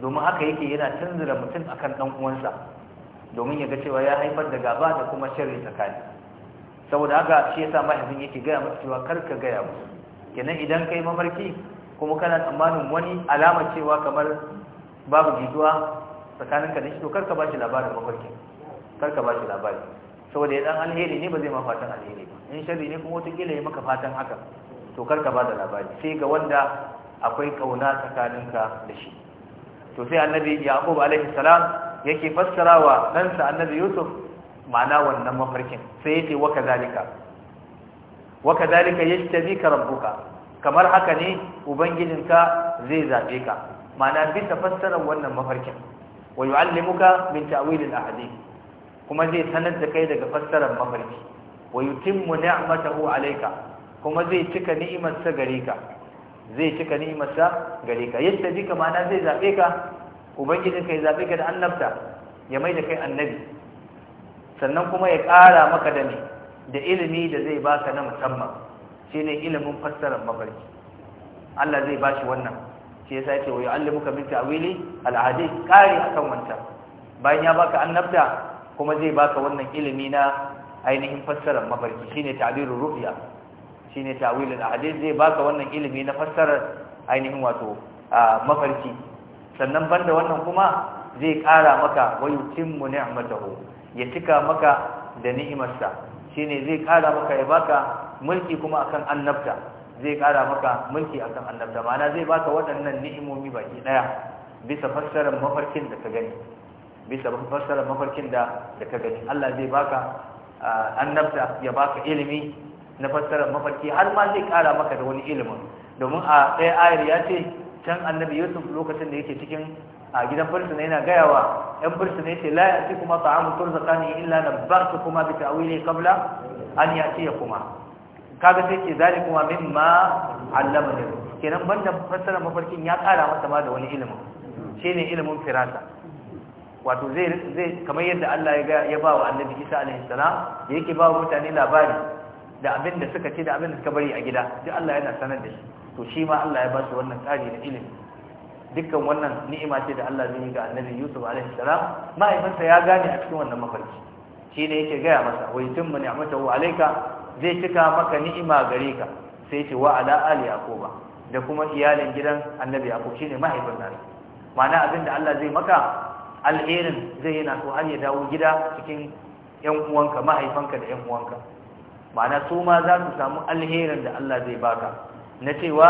S2: domin haka yake yana tunzura mutum akan dan uwansa domin ya ga cewa ya haifar da gaba da kuma sharri tsakani saboda haka shi yasa mahaifin yake gaya masa cewa kar ka gaya musu kenan idan kai mamarki kuma kana tsammanin wani alama cewa kamar babu jituwa ka da shi to karka ba shi labarin mafarkin karka ba shi labari saboda ya dan alheri ne ba zai ma fatan alheri ba in sharri ne kuma kila ya maka fatan haka to karka ba da labari sai ga wanda akwai kauna tsakaninka da shi to sai annabi yaqub alaihi salam yake fassarawa ɗansa annabi yusuf ma'ana wannan mafarkin sai yake wa kadalika wa kadalika yajtabika rabbuka kamar haka ne ubangijinka zai zabe ka ma'ana bisa fassarar wannan mafarkin wa yu'allimuka min ta'wil al-ahadith kuma zai sanar da kai daga fassarar mafarki wa yutimmu ni'matahu alayka kuma zai cika ni'imarsa gare ka zai cika ni'imarsa gare ka yadda dika ma'ana zai zabe ka ubangijinka ya zabe ka da annabta ya mai da kai annabi sannan kuma ya kara maka da ne da ilimi da zai baka na musamman Shi ne ilimin fassarar mafarki Allah zai bashi wannan shi yasa yake wa yu'allimuka a wili al'adai ahadith a akan wanta. bayan ya baka annabta kuma zai baka wannan ilimi na ainihin fassarar mafarki Shi shine rufiya Shi ne ta'wilul al'adai zai baka wannan ilimi na fassarar ainihin wato mafarki sannan banda wannan kuma zai kara maka wa yutimmu ni'matahu ya cika maka da ni'imarsa ne zai kara maka ya baka mulki kuma akan annabta zai kara maka mulki akan annabta ma'ana zai baka waɗannan ni'imomi baki daya bisa fassarar mafarkin da ka gani bisa fassarar mafarkin da da ka gani Allah zai baka annabta ya baka ilimi na fassarar mafarki har ma zai kara maka da wani ilimin domin a ɗaya ayar ya ce can annabi Yusuf lokacin da yake cikin a gidan fursuna yana gaya wa ‘yan fursuna yace la ya ce kuma ta'amun turzakani illa na ba su kuma bi ta'awili kabla an ya ya kuma kaga sai ce zalikum mimma allamani kenan banda fassara mafarkin ya kara masa ma da wani ilimin shine ilimin firasa wato zai zai kamar yadda Allah ya ya ba wa Annabi Isa alaihi salam yake ba mutane labari da abin da suka ce da abin da suka bari a gida duk Allah yana sanar da shi to shi ma Allah ya ba shi wannan tsari na ilimi dukkan wannan ni'ima ce da Allah zai yi ga Annabi Yusuf alaihi salam mahaifinsa ya gane a cikin wannan mafarki shi ne yake gaya masa wa yutimmu ni'matahu alayka zai cika maka ni'ima gare ka sai ce wa ala ali yaquba da kuma iyalin gidan annabi yaqub shine mahaifin nan ma'ana abinda Allah zai maka alherin zai yana so har ya dawo gida cikin yan uwanka mahaifanka da yan uwanka ma'ana su ma za su samu alherin da Allah zai baka na cewa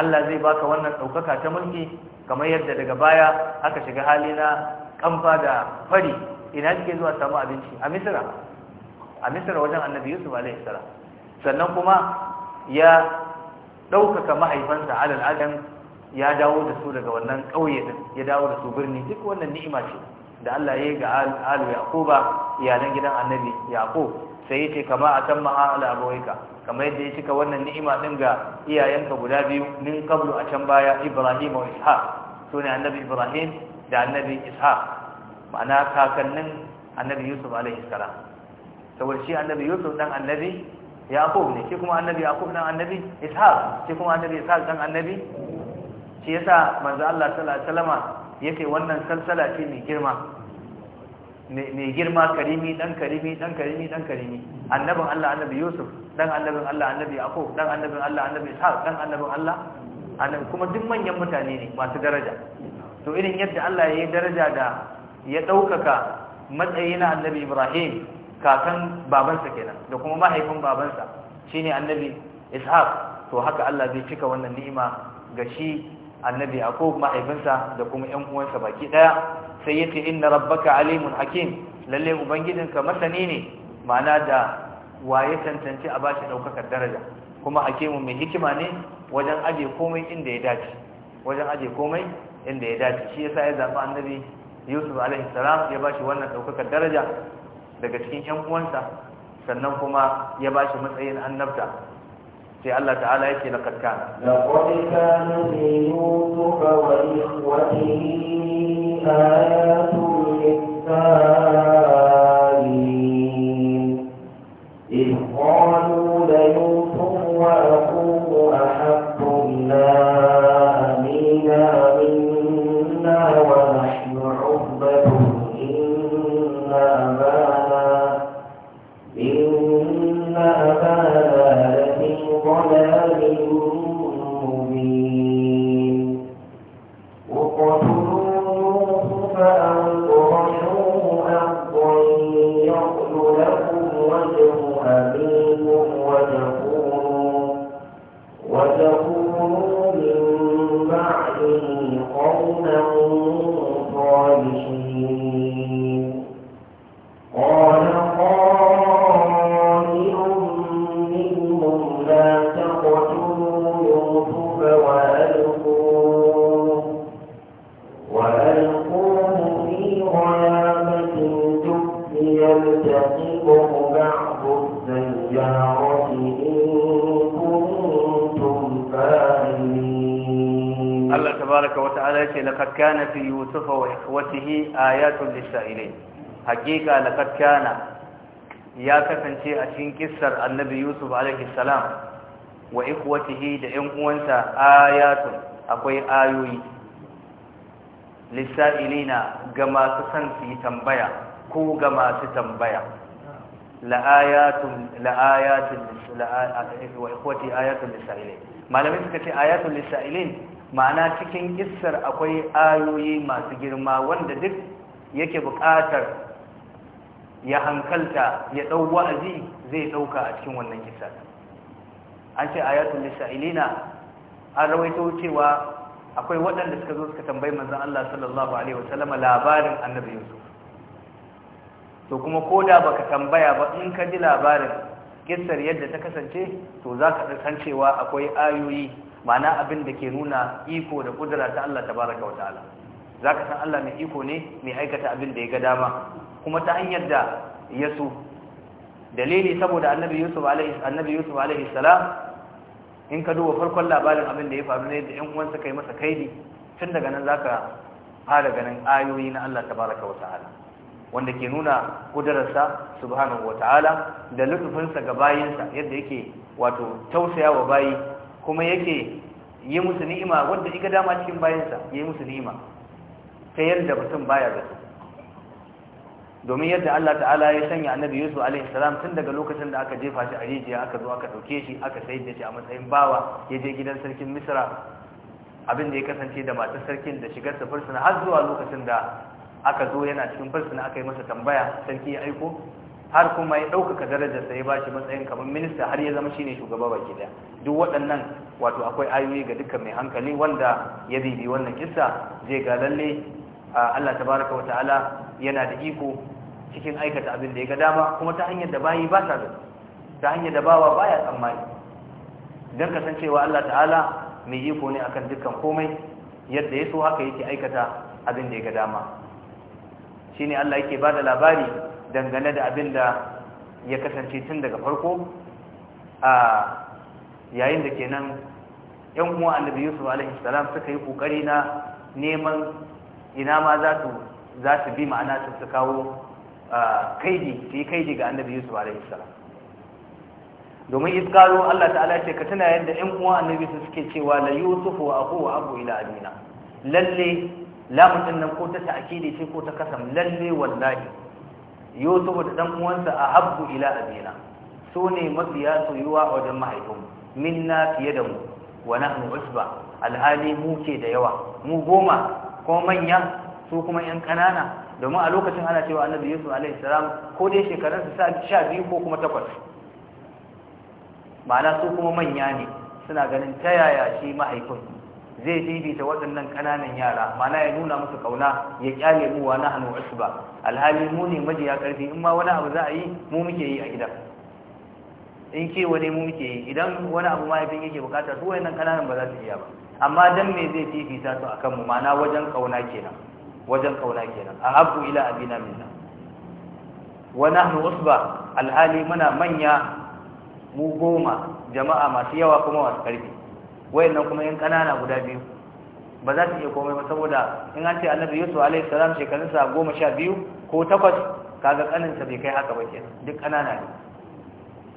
S2: Allah zai baka wannan ɗaukaka ta mulki kamar yadda daga baya aka shiga hali na kamfa da fari ina cike zuwa samu abinci a misira a misira wajen annabi yusuf alaihi salam sannan kuma ya ɗaukaka mahaifansa alal adam ya dawo da su daga wannan ƙauye din ya dawo da su birni duk wannan ni'ima ce da Allah ya yi ga alu yaquba iyalan gidan annabi yaqub sai yace kama atamma ala abawaika kamar yadda ya cika wannan ni'ima din ga iyayenka guda biyu min qablu a can baya ibrahim wa ishaq sune annabi ibrahim da annabi ishaq ma'ana kakannin annabi yusuf alaihi salam saboda shi annabi yusuf dan annabi yaqub ne shi kuma annabi yaqub dan annabi ishaq shi kuma annabi ishaq dan annabi shi yasa manzo Allah sallallahu alaihi wasallama yake wannan salsala ce mai girma mai girma karimi dan karimi dan karimi dan karimi annabin Allah annabi yusuf dan annabin Allah annabi yaqub dan annabin Allah annabi ishaq dan annabin Allah annabi kuma duk manyan mutane ne masu daraja to irin yadda Allah ya yi daraja da ya ɗaukaka matsayi na annabi ibrahim kakan babansa kenan da kuma mahaifin babansa shine annabi ishaq to haka Allah zai cika wannan ni'ima ga shi annabi yakub mahaifinsa da kuma ƴan uwansa baki daya sai yace inna rabbaka alimun hakim lalle ubangijinka masani ne ma'ana da waye tantance a bashi daukakar daraja kuma hakimun mai hikima ne wajen aje komai inda ya dace wajen aje komai inda ya dace shi yasa ya zaba annabi yusuf alaihi salam ya bashi wannan daukakar daraja daga cikin yan uwansa sannan kuma ya ba shi matsayin annabta sai Allah ta'ala yake na karka
S1: laqad kana fi yusuf wa
S2: ayatun lisa'ilin hakika laqad kana ya kasance a cikin kissar annabi yusuf alaihi salam wa ikhwatihi da ƴan uwansa ayatun akwai ayoyi lisa'ilina ga masu san su yi tambaya ko ga masu tambaya la'ayatun la'ayatun wa ikhwati ayatun lisa'ilin malamin suka ce ayatun lisa'ilin ma'ana cikin kissar akwai ayoyi masu girma wanda duk yake buƙatar ya hankalta ya ɗau wa'azi zai ɗauka a cikin wannan kissar an ce ayatul lisa'ilina an rawaito cewa akwai waɗanda suka zo suka tambayi manzan Allah sallallahu alaihi wasallama labarin annabi Yusuf to kuma ko da baka tambaya ba in ka ji labarin kissar yadda ta kasance to za ka san cewa akwai ayoyi ma'ana abin da ke nuna iko da kudura ta Allah tabaraka wa ta'ala zaka san Allah mai iko ne mai aikata abin da ya ga dama kuma ta hanyar da yasu dalili saboda annabi Yusuf alaihi annabi Yusuf alaihi salam in ka duba farkon labarin abin da ya faru ne da yan uwansa kai masa kaidi tun daga nan zaka fara ganin ayoyi na Allah tabaraka wa ta'ala wanda ke nuna sa subhanahu wa ta'ala da sa ga bayinsa yadda yake wato tausaya wa bayi kuma yake yi musu ni'ima wanda ga dama cikin bayansa yi musu ni'ima ta yadda mutum baya zato domin yadda Allah ta'ala ya sanya annabi Yusuf alaihi salam tun daga lokacin da aka jefa shi a rijiya aka zo aka dauke shi aka sayar da shi a matsayin bawa ya je gidan sarkin Misra abin da ya kasance da matar sarkin da shigar sa fursuna har zuwa lokacin da aka zo yana cikin fursuna aka yi masa tambaya sarki ya aiko har kuma ya ɗaukaka darajar darajarsa ya bashi matsayin kamar minista har ya zama shine shugaba baki daya duk waɗannan wato akwai ayoyi ga dukkan mai hankali wanda ya bibi wannan kisa zai ga lalle Allah tabaraka wa ta'ala yana da iko cikin aikata abin da ya ga dama kuma ta hanyar da bayi ba ta da ta hanyar da bawa baya tsammani dan kasancewa Allah ta'ala mai iko ne akan dukkan komai yadda ya so haka yake aikata abin da ya ga dama shine Allah yake da labari dangane da abin da ya kasance tun daga farko a yayin da kenan yan uwa annabi yusuf alaihi salam suka yi kokari na neman ina ma za su bi ma'ana su su kawo kaidi su yi kaidi ga annabi yusuf alaihi salam domin iskaro Allah ta'ala ce ka tuna yadda yan uwa annabi su suke cewa la yusuf wa abu wa abu ila amina lalle lamun ko ta ta'kidi ce ko ta kasam lalle wallahi yusuf da dan uwansa ahabbu ila abina su ne mafiya soyuwa a wajen mahaifin minna fiye da mu wa nahnu usba alhali mu ke da yawa mu goma ko manya su kuma yan kanana domin a lokacin ana cewa annabi yusuf alaihi salam ko dai shekarunsa sha biyu ko kuma takwas ma'ana su kuma manya ne suna ganin ta yaya shi mahaifin zai daidaita waɗannan ƙananan yara mana ya nuna musu kauna ya kyale mu hannu wasu ba alhali mu ne majiya ƙarfi, in ma wani abu za a yi mu muke yi a gida in ke wani mu muke yi idan wani abu mahaifin yake bukata su wayannan ƙananan ba za su iya ba amma dan me zai fifita su akan mu mana wajen kauna kenan wajen kauna kenan a abu ila abina minna wa nahnu usba alhali muna manya mu goma jama'a masu yawa kuma masu karfi wayannan kuma yan kanana guda biyu ba za su iya komai ba saboda in an ce annabi yusuf alaihi salam sa goma sha biyu ko takwas kaga kaninsa bai kai haka ba ke, duk kanana ne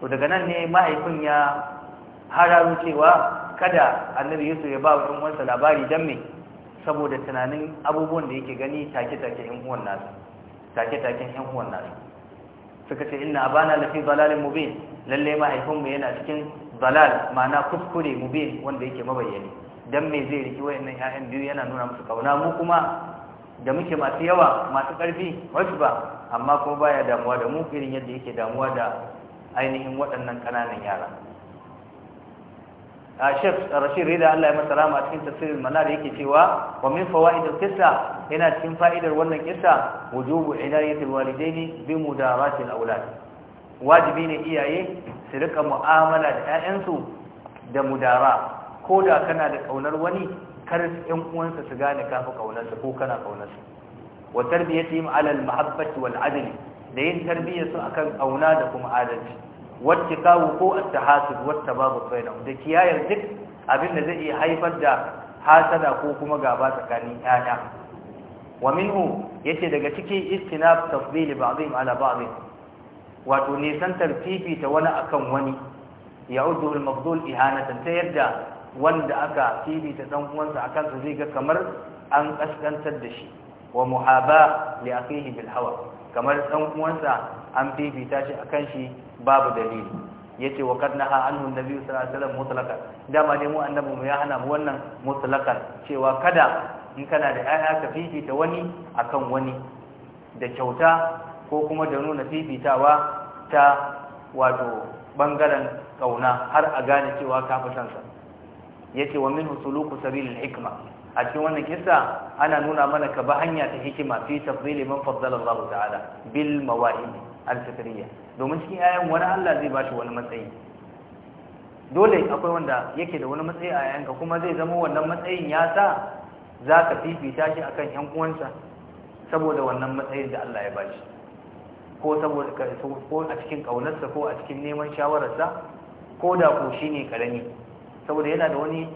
S2: to daga nan ne mahaifin ya hararu cewa kada annabi yusuf ya ba wa uwansa labari dan me saboda tunanin abubuwan da yake gani take-take yan uwan nasu take take yan uwan nasu suka ce inna abana lafi dalalin mubin lalle mahaifinmu yana cikin dalal ma'ana kuskure mubin wanda yake mabayyane dan me zai riki wayannan ƴaƴan biyu yana nuna musu kauna mu kuma da muke masu yawa masu ƙarfi wasu ba amma kuma baya damuwa da mu irin yadda yake damuwa da ainihin waɗannan ƙananan yara a shek rashid rida Allah ya masa rama a cikin tafsirin manar yake cewa wa min fawaidil qissa yana cikin fa'idar wannan qissa wujubu inayati walidaini bi mudaratil aulad wajibi ne iyaye su rika mu'amala da 'ya'yansu da mudara ko da kana da kaunar wani kar yan uwansa su gane kafa kaunarsa ko kana kaunarsa wa tarbiyatihim ala al-mahabbati wal adl da yin tarbiyyar su akan kauna da kuma adalci wacce wattikawu ko at-tahasud wat-tabaghut bainahum da kiyayar duk abin da zai iya haifar da hasada ko kuma gaba tsakanin 'ya'ya wa minhu yace daga ciki istinab tafdil ba'dhim ala ba'dhim wato nisantar fifita wani akan wani ya udu al ihanatan ta yadda wanda aka fifita dan uwansa akan su zai ga kamar an kaskantar da shi wa muhaba li akhihi bil hawa kamar dan uwansa an fifita shi akan shi babu dalili yace wa kad naha anhu annabi sallallahu alaihi wasallam mutlaqan dama ne mu annabi mu ya hana mu wannan mutlaqan cewa kada in kana da 'ya'ya ka fifita wani akan wani da kyauta ko kuma da nuna fifitawa ta wato bangaren kauna har a gane cewa ya ce, wa min suluku sabilil hikma a cikin wannan kisa, ana nuna mana ka ba hanya ta hikima fi tafdili man faddala Allah ta'ala bil mawa'id al domin cikin ayan wani Allah zai ba shi wani matsayi dole akwai wanda yake da wani matsayi a yayanka kuma zai zama wannan matsayin ya sa za ka fifita shi akan yan uwansa saboda wannan matsayin da Allah ya bashi ko saboda ko a cikin kaunarsa ko a cikin neman shawararsa ko da ko shi ne ƙarami saboda yana da wani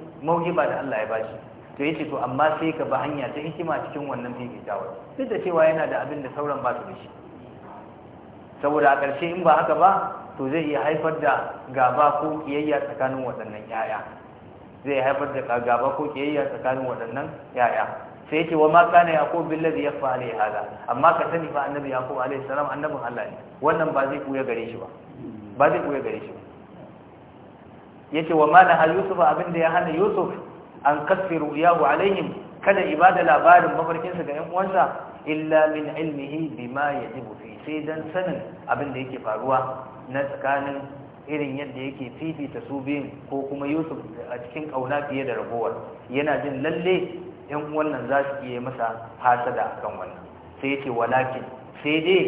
S2: ba da Allah ya bashi to yace to amma sai ka ba hanya ta hikima cikin wannan fifitawar duk da cewa yana da abin da sauran ba su da saboda a ƙarshe in ba haka ba to zai iya haifar da gaba ko kiyayya tsakanin waɗannan yaya zai haifar da gaba ko kiyayya tsakanin waɗannan yaya sai yace wa ma kana yaqub billazi yafa alai hada amma ka sani fa annabi yaqub alaihi salam annabin Allah ne wannan ba zai kuya gare shi ba ba zai kuya gare shi yace wa ma ha yusuf abinda ya hana yusuf an kafiru iyahu alaihim kada ibada labarin mafarkinsa ga 'yan uwansa illa min ilmihi bima yajibu fi sai dan sanin abin da yake faruwa na tsakanin irin yadda yake fifita su biyun ko kuma Yusuf a cikin kauna fiye da ragowar yana jin lalle yan wannan za su iya masa hasada kan wannan sai ce walakin sai dai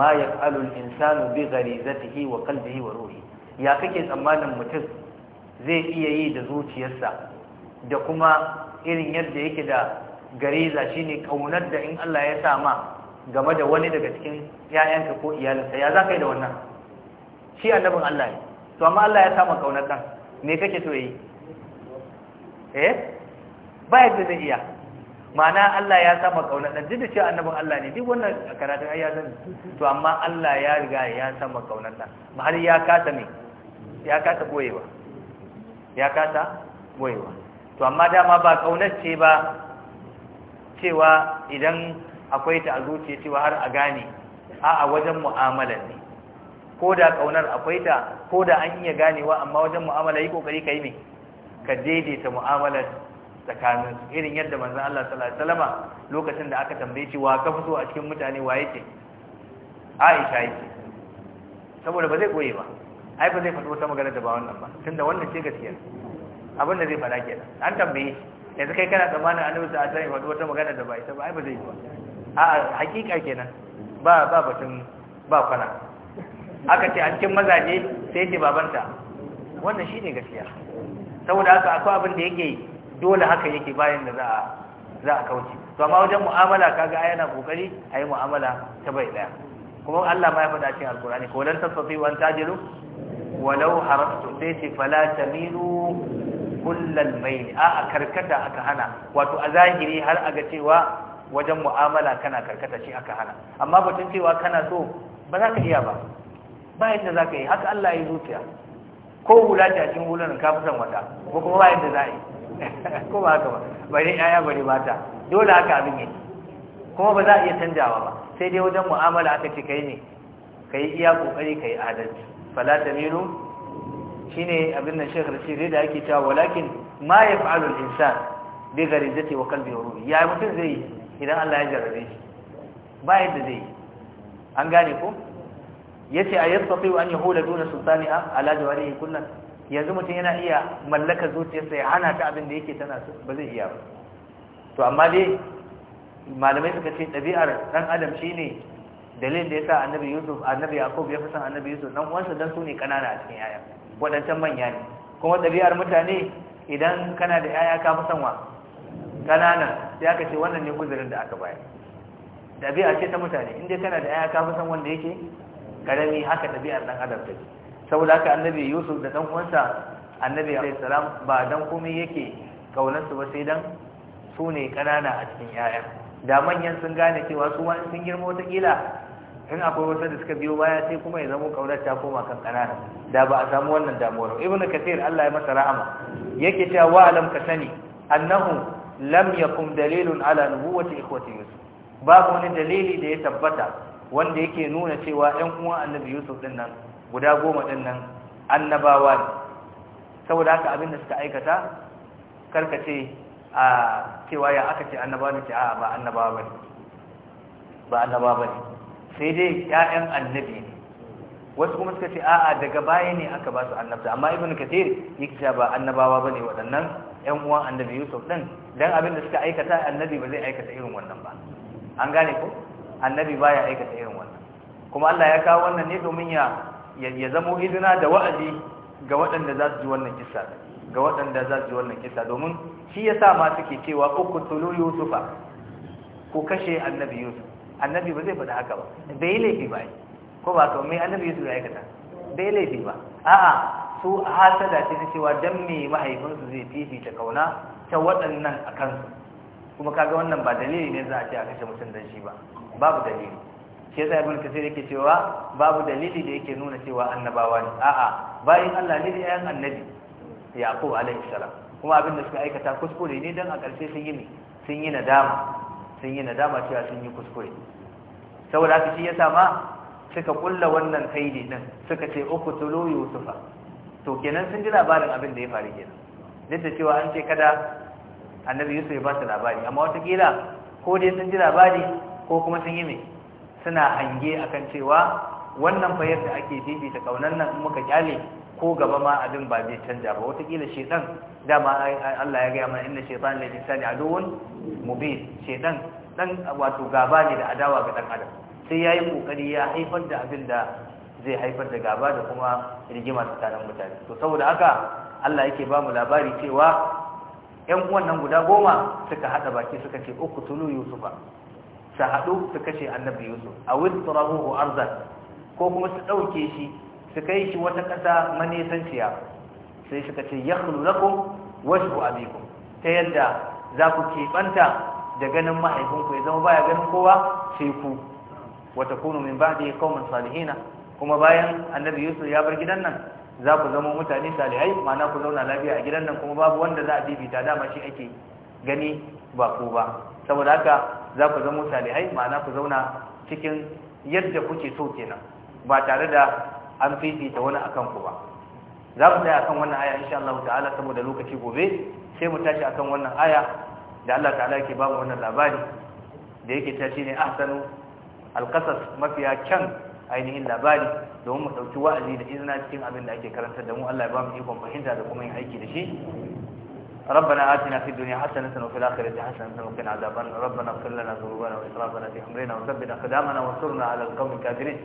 S2: ma ya alul insanu bi gharizatihi wa qalbihi wa ruhi ya kake tsammanin mutum zai iya yi da zuciyarsa da kuma irin yadda yake da gariza shine kaunar da in Allah ya sa ma game da wani daga cikin ‘ya'yanka ko iyalinsa ya za ka yi da wannan shi annabin Allah ne to amma Allah ya sama kaunar kan me kake ya yi eh ba yadda zai iya ma'ana Allah ya sama makauna dan duk da cewa annabin Allah ne duk wannan karatun ayya ya to amma Allah ya riga ya sama kaunar nan har ya kasa ne ya kasa goyewa ya kasa goyewa to amma dama ba kaunar ce ba cewa idan akwai ta a cewa har a gane a a wajen mu'amala ne ko da kaunar akwai ta ko da an iya ganewa amma wajen mu'amala yi kokari kai me ka daidaita mu'amalar tsakanin su irin yadda manzon Allah sallallahu alaihi wasallama lokacin da aka tambaye shi wa ka fito a cikin mutane wa yake Aisha yake saboda ba zai goye ba ai ba zai fito ta magana da ba wannan ba tunda wannan ce gaskiya abin da zai faɗa kenan an tambaye yanzu kai kana tsammanin annabi sallallahu alaihi wasallam ya faɗi magana da ba ita ba ai ba zai yi ba a'a hakika kenan ba ba batun ba kwana aka ce an cikin mazaje sai ce babanta wannan shine gaskiya saboda haka akwai abin da yake dole haka yake bayan da za a za a kauce to amma wajen mu'amala kaga ai yana kokari ayi mu'amala ta bai daya kuma Allah ma ya faɗa cikin alkurani ko lan tasfi wa tajilu walau harastu sayti fala tamilu kullal mail a karkata aka hana wato a zahiri har aga cewa wajen mu'amala kana karkata shi aka hana amma batun cewa kana so ba za ka iya ba ba da za ka yi haka Allah ya zuciya ko hula a cikin wulan ka fi wata ko kuma ba da za a yi ko ba haka ba bari ɗaya bari mata dole haka abin yake kuma ba za a iya canjawa ba sai dai wajen mu'amala aka ce kai ne ka yi iya ƙoƙari ka yi adalci fala shi ne abin nan shekar shirye da ake cewa walakin ma ya al-insan insa gharizati wa qalbi wa ruhi ya mutum zai yi idan Allah ya jarabe shi ba yadda zai yi an gane ko yace wa an yahula duna Sultani ala jawarihi kullum yanzu mutum yana iya mallaka zuciyarsa ya hana ta abin da yake tana so ba zai iya ba to amma dai malamai suka ce ɗabi'ar ɗan adam shine dalilin da ya sa annabi yusuf annabi yakub ya fi san annabi yusuf dan uwansa dan su ne kanana a cikin yaya waɗancan manya ne kuma ɗabi'ar mutane idan kana da yaya ka fi son wa kanana sai aka ce wannan ne uzurin da aka bayar ɗabi'a ce ta mutane inda kana da yaya ka fi san wanda yake karami haka ɗabi'ar ɗan adam take saboda haka annabi yusuf da dan uwansa annabi alaihi salam ba dan komai yake su ba sai dan su ne kanana a cikin yaya da manyan sun gane cewa su ma in sun girma watakila in akwai wasu da suka biyo baya sai kuma ya zama kaunar ta koma kan kanana da ba a samu wannan damuwar ibnu kathir Allah ya masa rahama yake cewa wa alam ka sani annahu lam yakun dalilun ala nubuwati ikhwati yusuf babu wani dalili da ya tabbata wanda yake nuna cewa ƴan uwan annabi yusuf din nan guda goma ɗin nan annabawa ne saboda haka abin da suka aikata karkace a cewa ya aka ce annabawa ne ce a ba annabawa ba ba annabawa ba ne sai dai 'ya'yan annabi ne wasu kuma suka ce a'a daga baya ne aka ba su annabta amma ibnu kathir yake cewa ba annabawa bane waɗannan ƴan uwan annabi yusuf ɗin dan abin da suka aikata annabi ba zai aikata irin wannan ba an gane ko annabi baya aikata irin wannan kuma Allah ya kawo wannan ne domin ya ya zamo izina da wa'azi ga waɗanda za su ji wannan kisa ga waɗanda za su ji wannan kisa domin shi ya sa ma suke cewa tulu yusufa ko kashe annabi yusuf annabi ba zai faɗi haka ba bai laifi ba ko ba ka mai annabi yusuf ya aikata bai laifi ba a'a su hasada ce ta cewa dan me mahaifinsu zai fifita kauna ta waɗannan a kansu kuma kaga wannan ba dalili ne za a ce a kashe mutum dan shi ba babu dalili ke yasa abin kasir yake cewa babu dalili da yake nuna cewa annabawa ne a'a bayan Allah ne da ayan annabi yaqub alaihi salam kuma abin da suka aikata kuskure ne dan a ƙarshe sun yi sun yi nadama sun yi nadama cewa sun yi kuskure saboda haka shi yasa ma suka kulla wannan kaidi din suka ce uku tulu yusufa to kenan sun ji labarin abin da ya faru kenan duk da cewa an ce kada annabi yusuf ya ba su labari amma wata kila ko dai sun ji labari ko kuma sun yi mai suna hange akan cewa wannan fa yadda ake fifita kaunan nan muka kyale ko gaba ma abin ba zai canja ba watakila shedan dama Allah ya gaya mana inna shaytan lil insani aduwwun mubin shedan dan wato gaba ne da adawa ga dan adam sai yayi kokari ya haifar da abin da zai haifar da gaba da kuma rigima tsakanin mutane to saboda haka Allah yake ba mu labari cewa ƴan uwan nan guda goma suka hada baki suka ce uku tulu yusufa su haɗu su kashe annabi yusuf a wisrahu arzan ko kuma su ɗauke shi su kai shi wata ƙasa manesanciya sai suka ce ya lakum wasu abikum ta yadda za ku keɓanta da ganin mahaifinku ya zama baya ganin kowa sai ku wata kunu min kawo qauman salihina kuma bayan annabi yusuf ya bar gidan nan za ku zama mutane salihai ma'ana ku zauna lafiya a gidan nan kuma babu wanda za a bibita dama shi ake gani ba ku ba saboda haka za ku zama salihai ma'ana ku zauna cikin yadda kuke so kenan ba tare da an fifita wani akan ku ba za ku tsaya akan wannan aya insha Allah ta'ala saboda lokaci gobe sai mu tashi akan wannan aya da Allah ta'ala yake ba mu wannan labari da yake ta shine ahsanu alqasas mafiya kyan ainihin labari domin mu dauki wa'azi da izina cikin abin da ake karanta da mu Allah ya ba mu ikon fahimta da kuma yin aiki da shi ربنا آتنا في الدنيا حسنة وفي الآخرة حسنة وقنا عذاب ربنا اغفر لنا ذنوبنا وإسرافنا في أمرنا وثبت أقدامنا وانصرنا على القوم الكافرين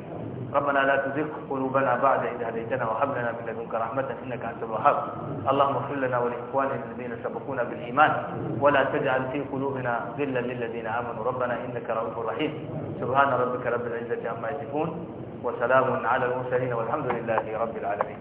S2: ربنا لا تزغ قلوبنا بعد إذ هديتنا وهب لنا من لدنك رحمة إنك أنت الوهاب اللهم اغفر لنا ولإخواننا الذين سبقونا بالإيمان ولا تجعل في قلوبنا غلا للذين آمنوا ربنا إنك رؤوف رحيم سبحان ربك رب العزة عما يصفون وسلام على المرسلين والحمد لله رب العالمين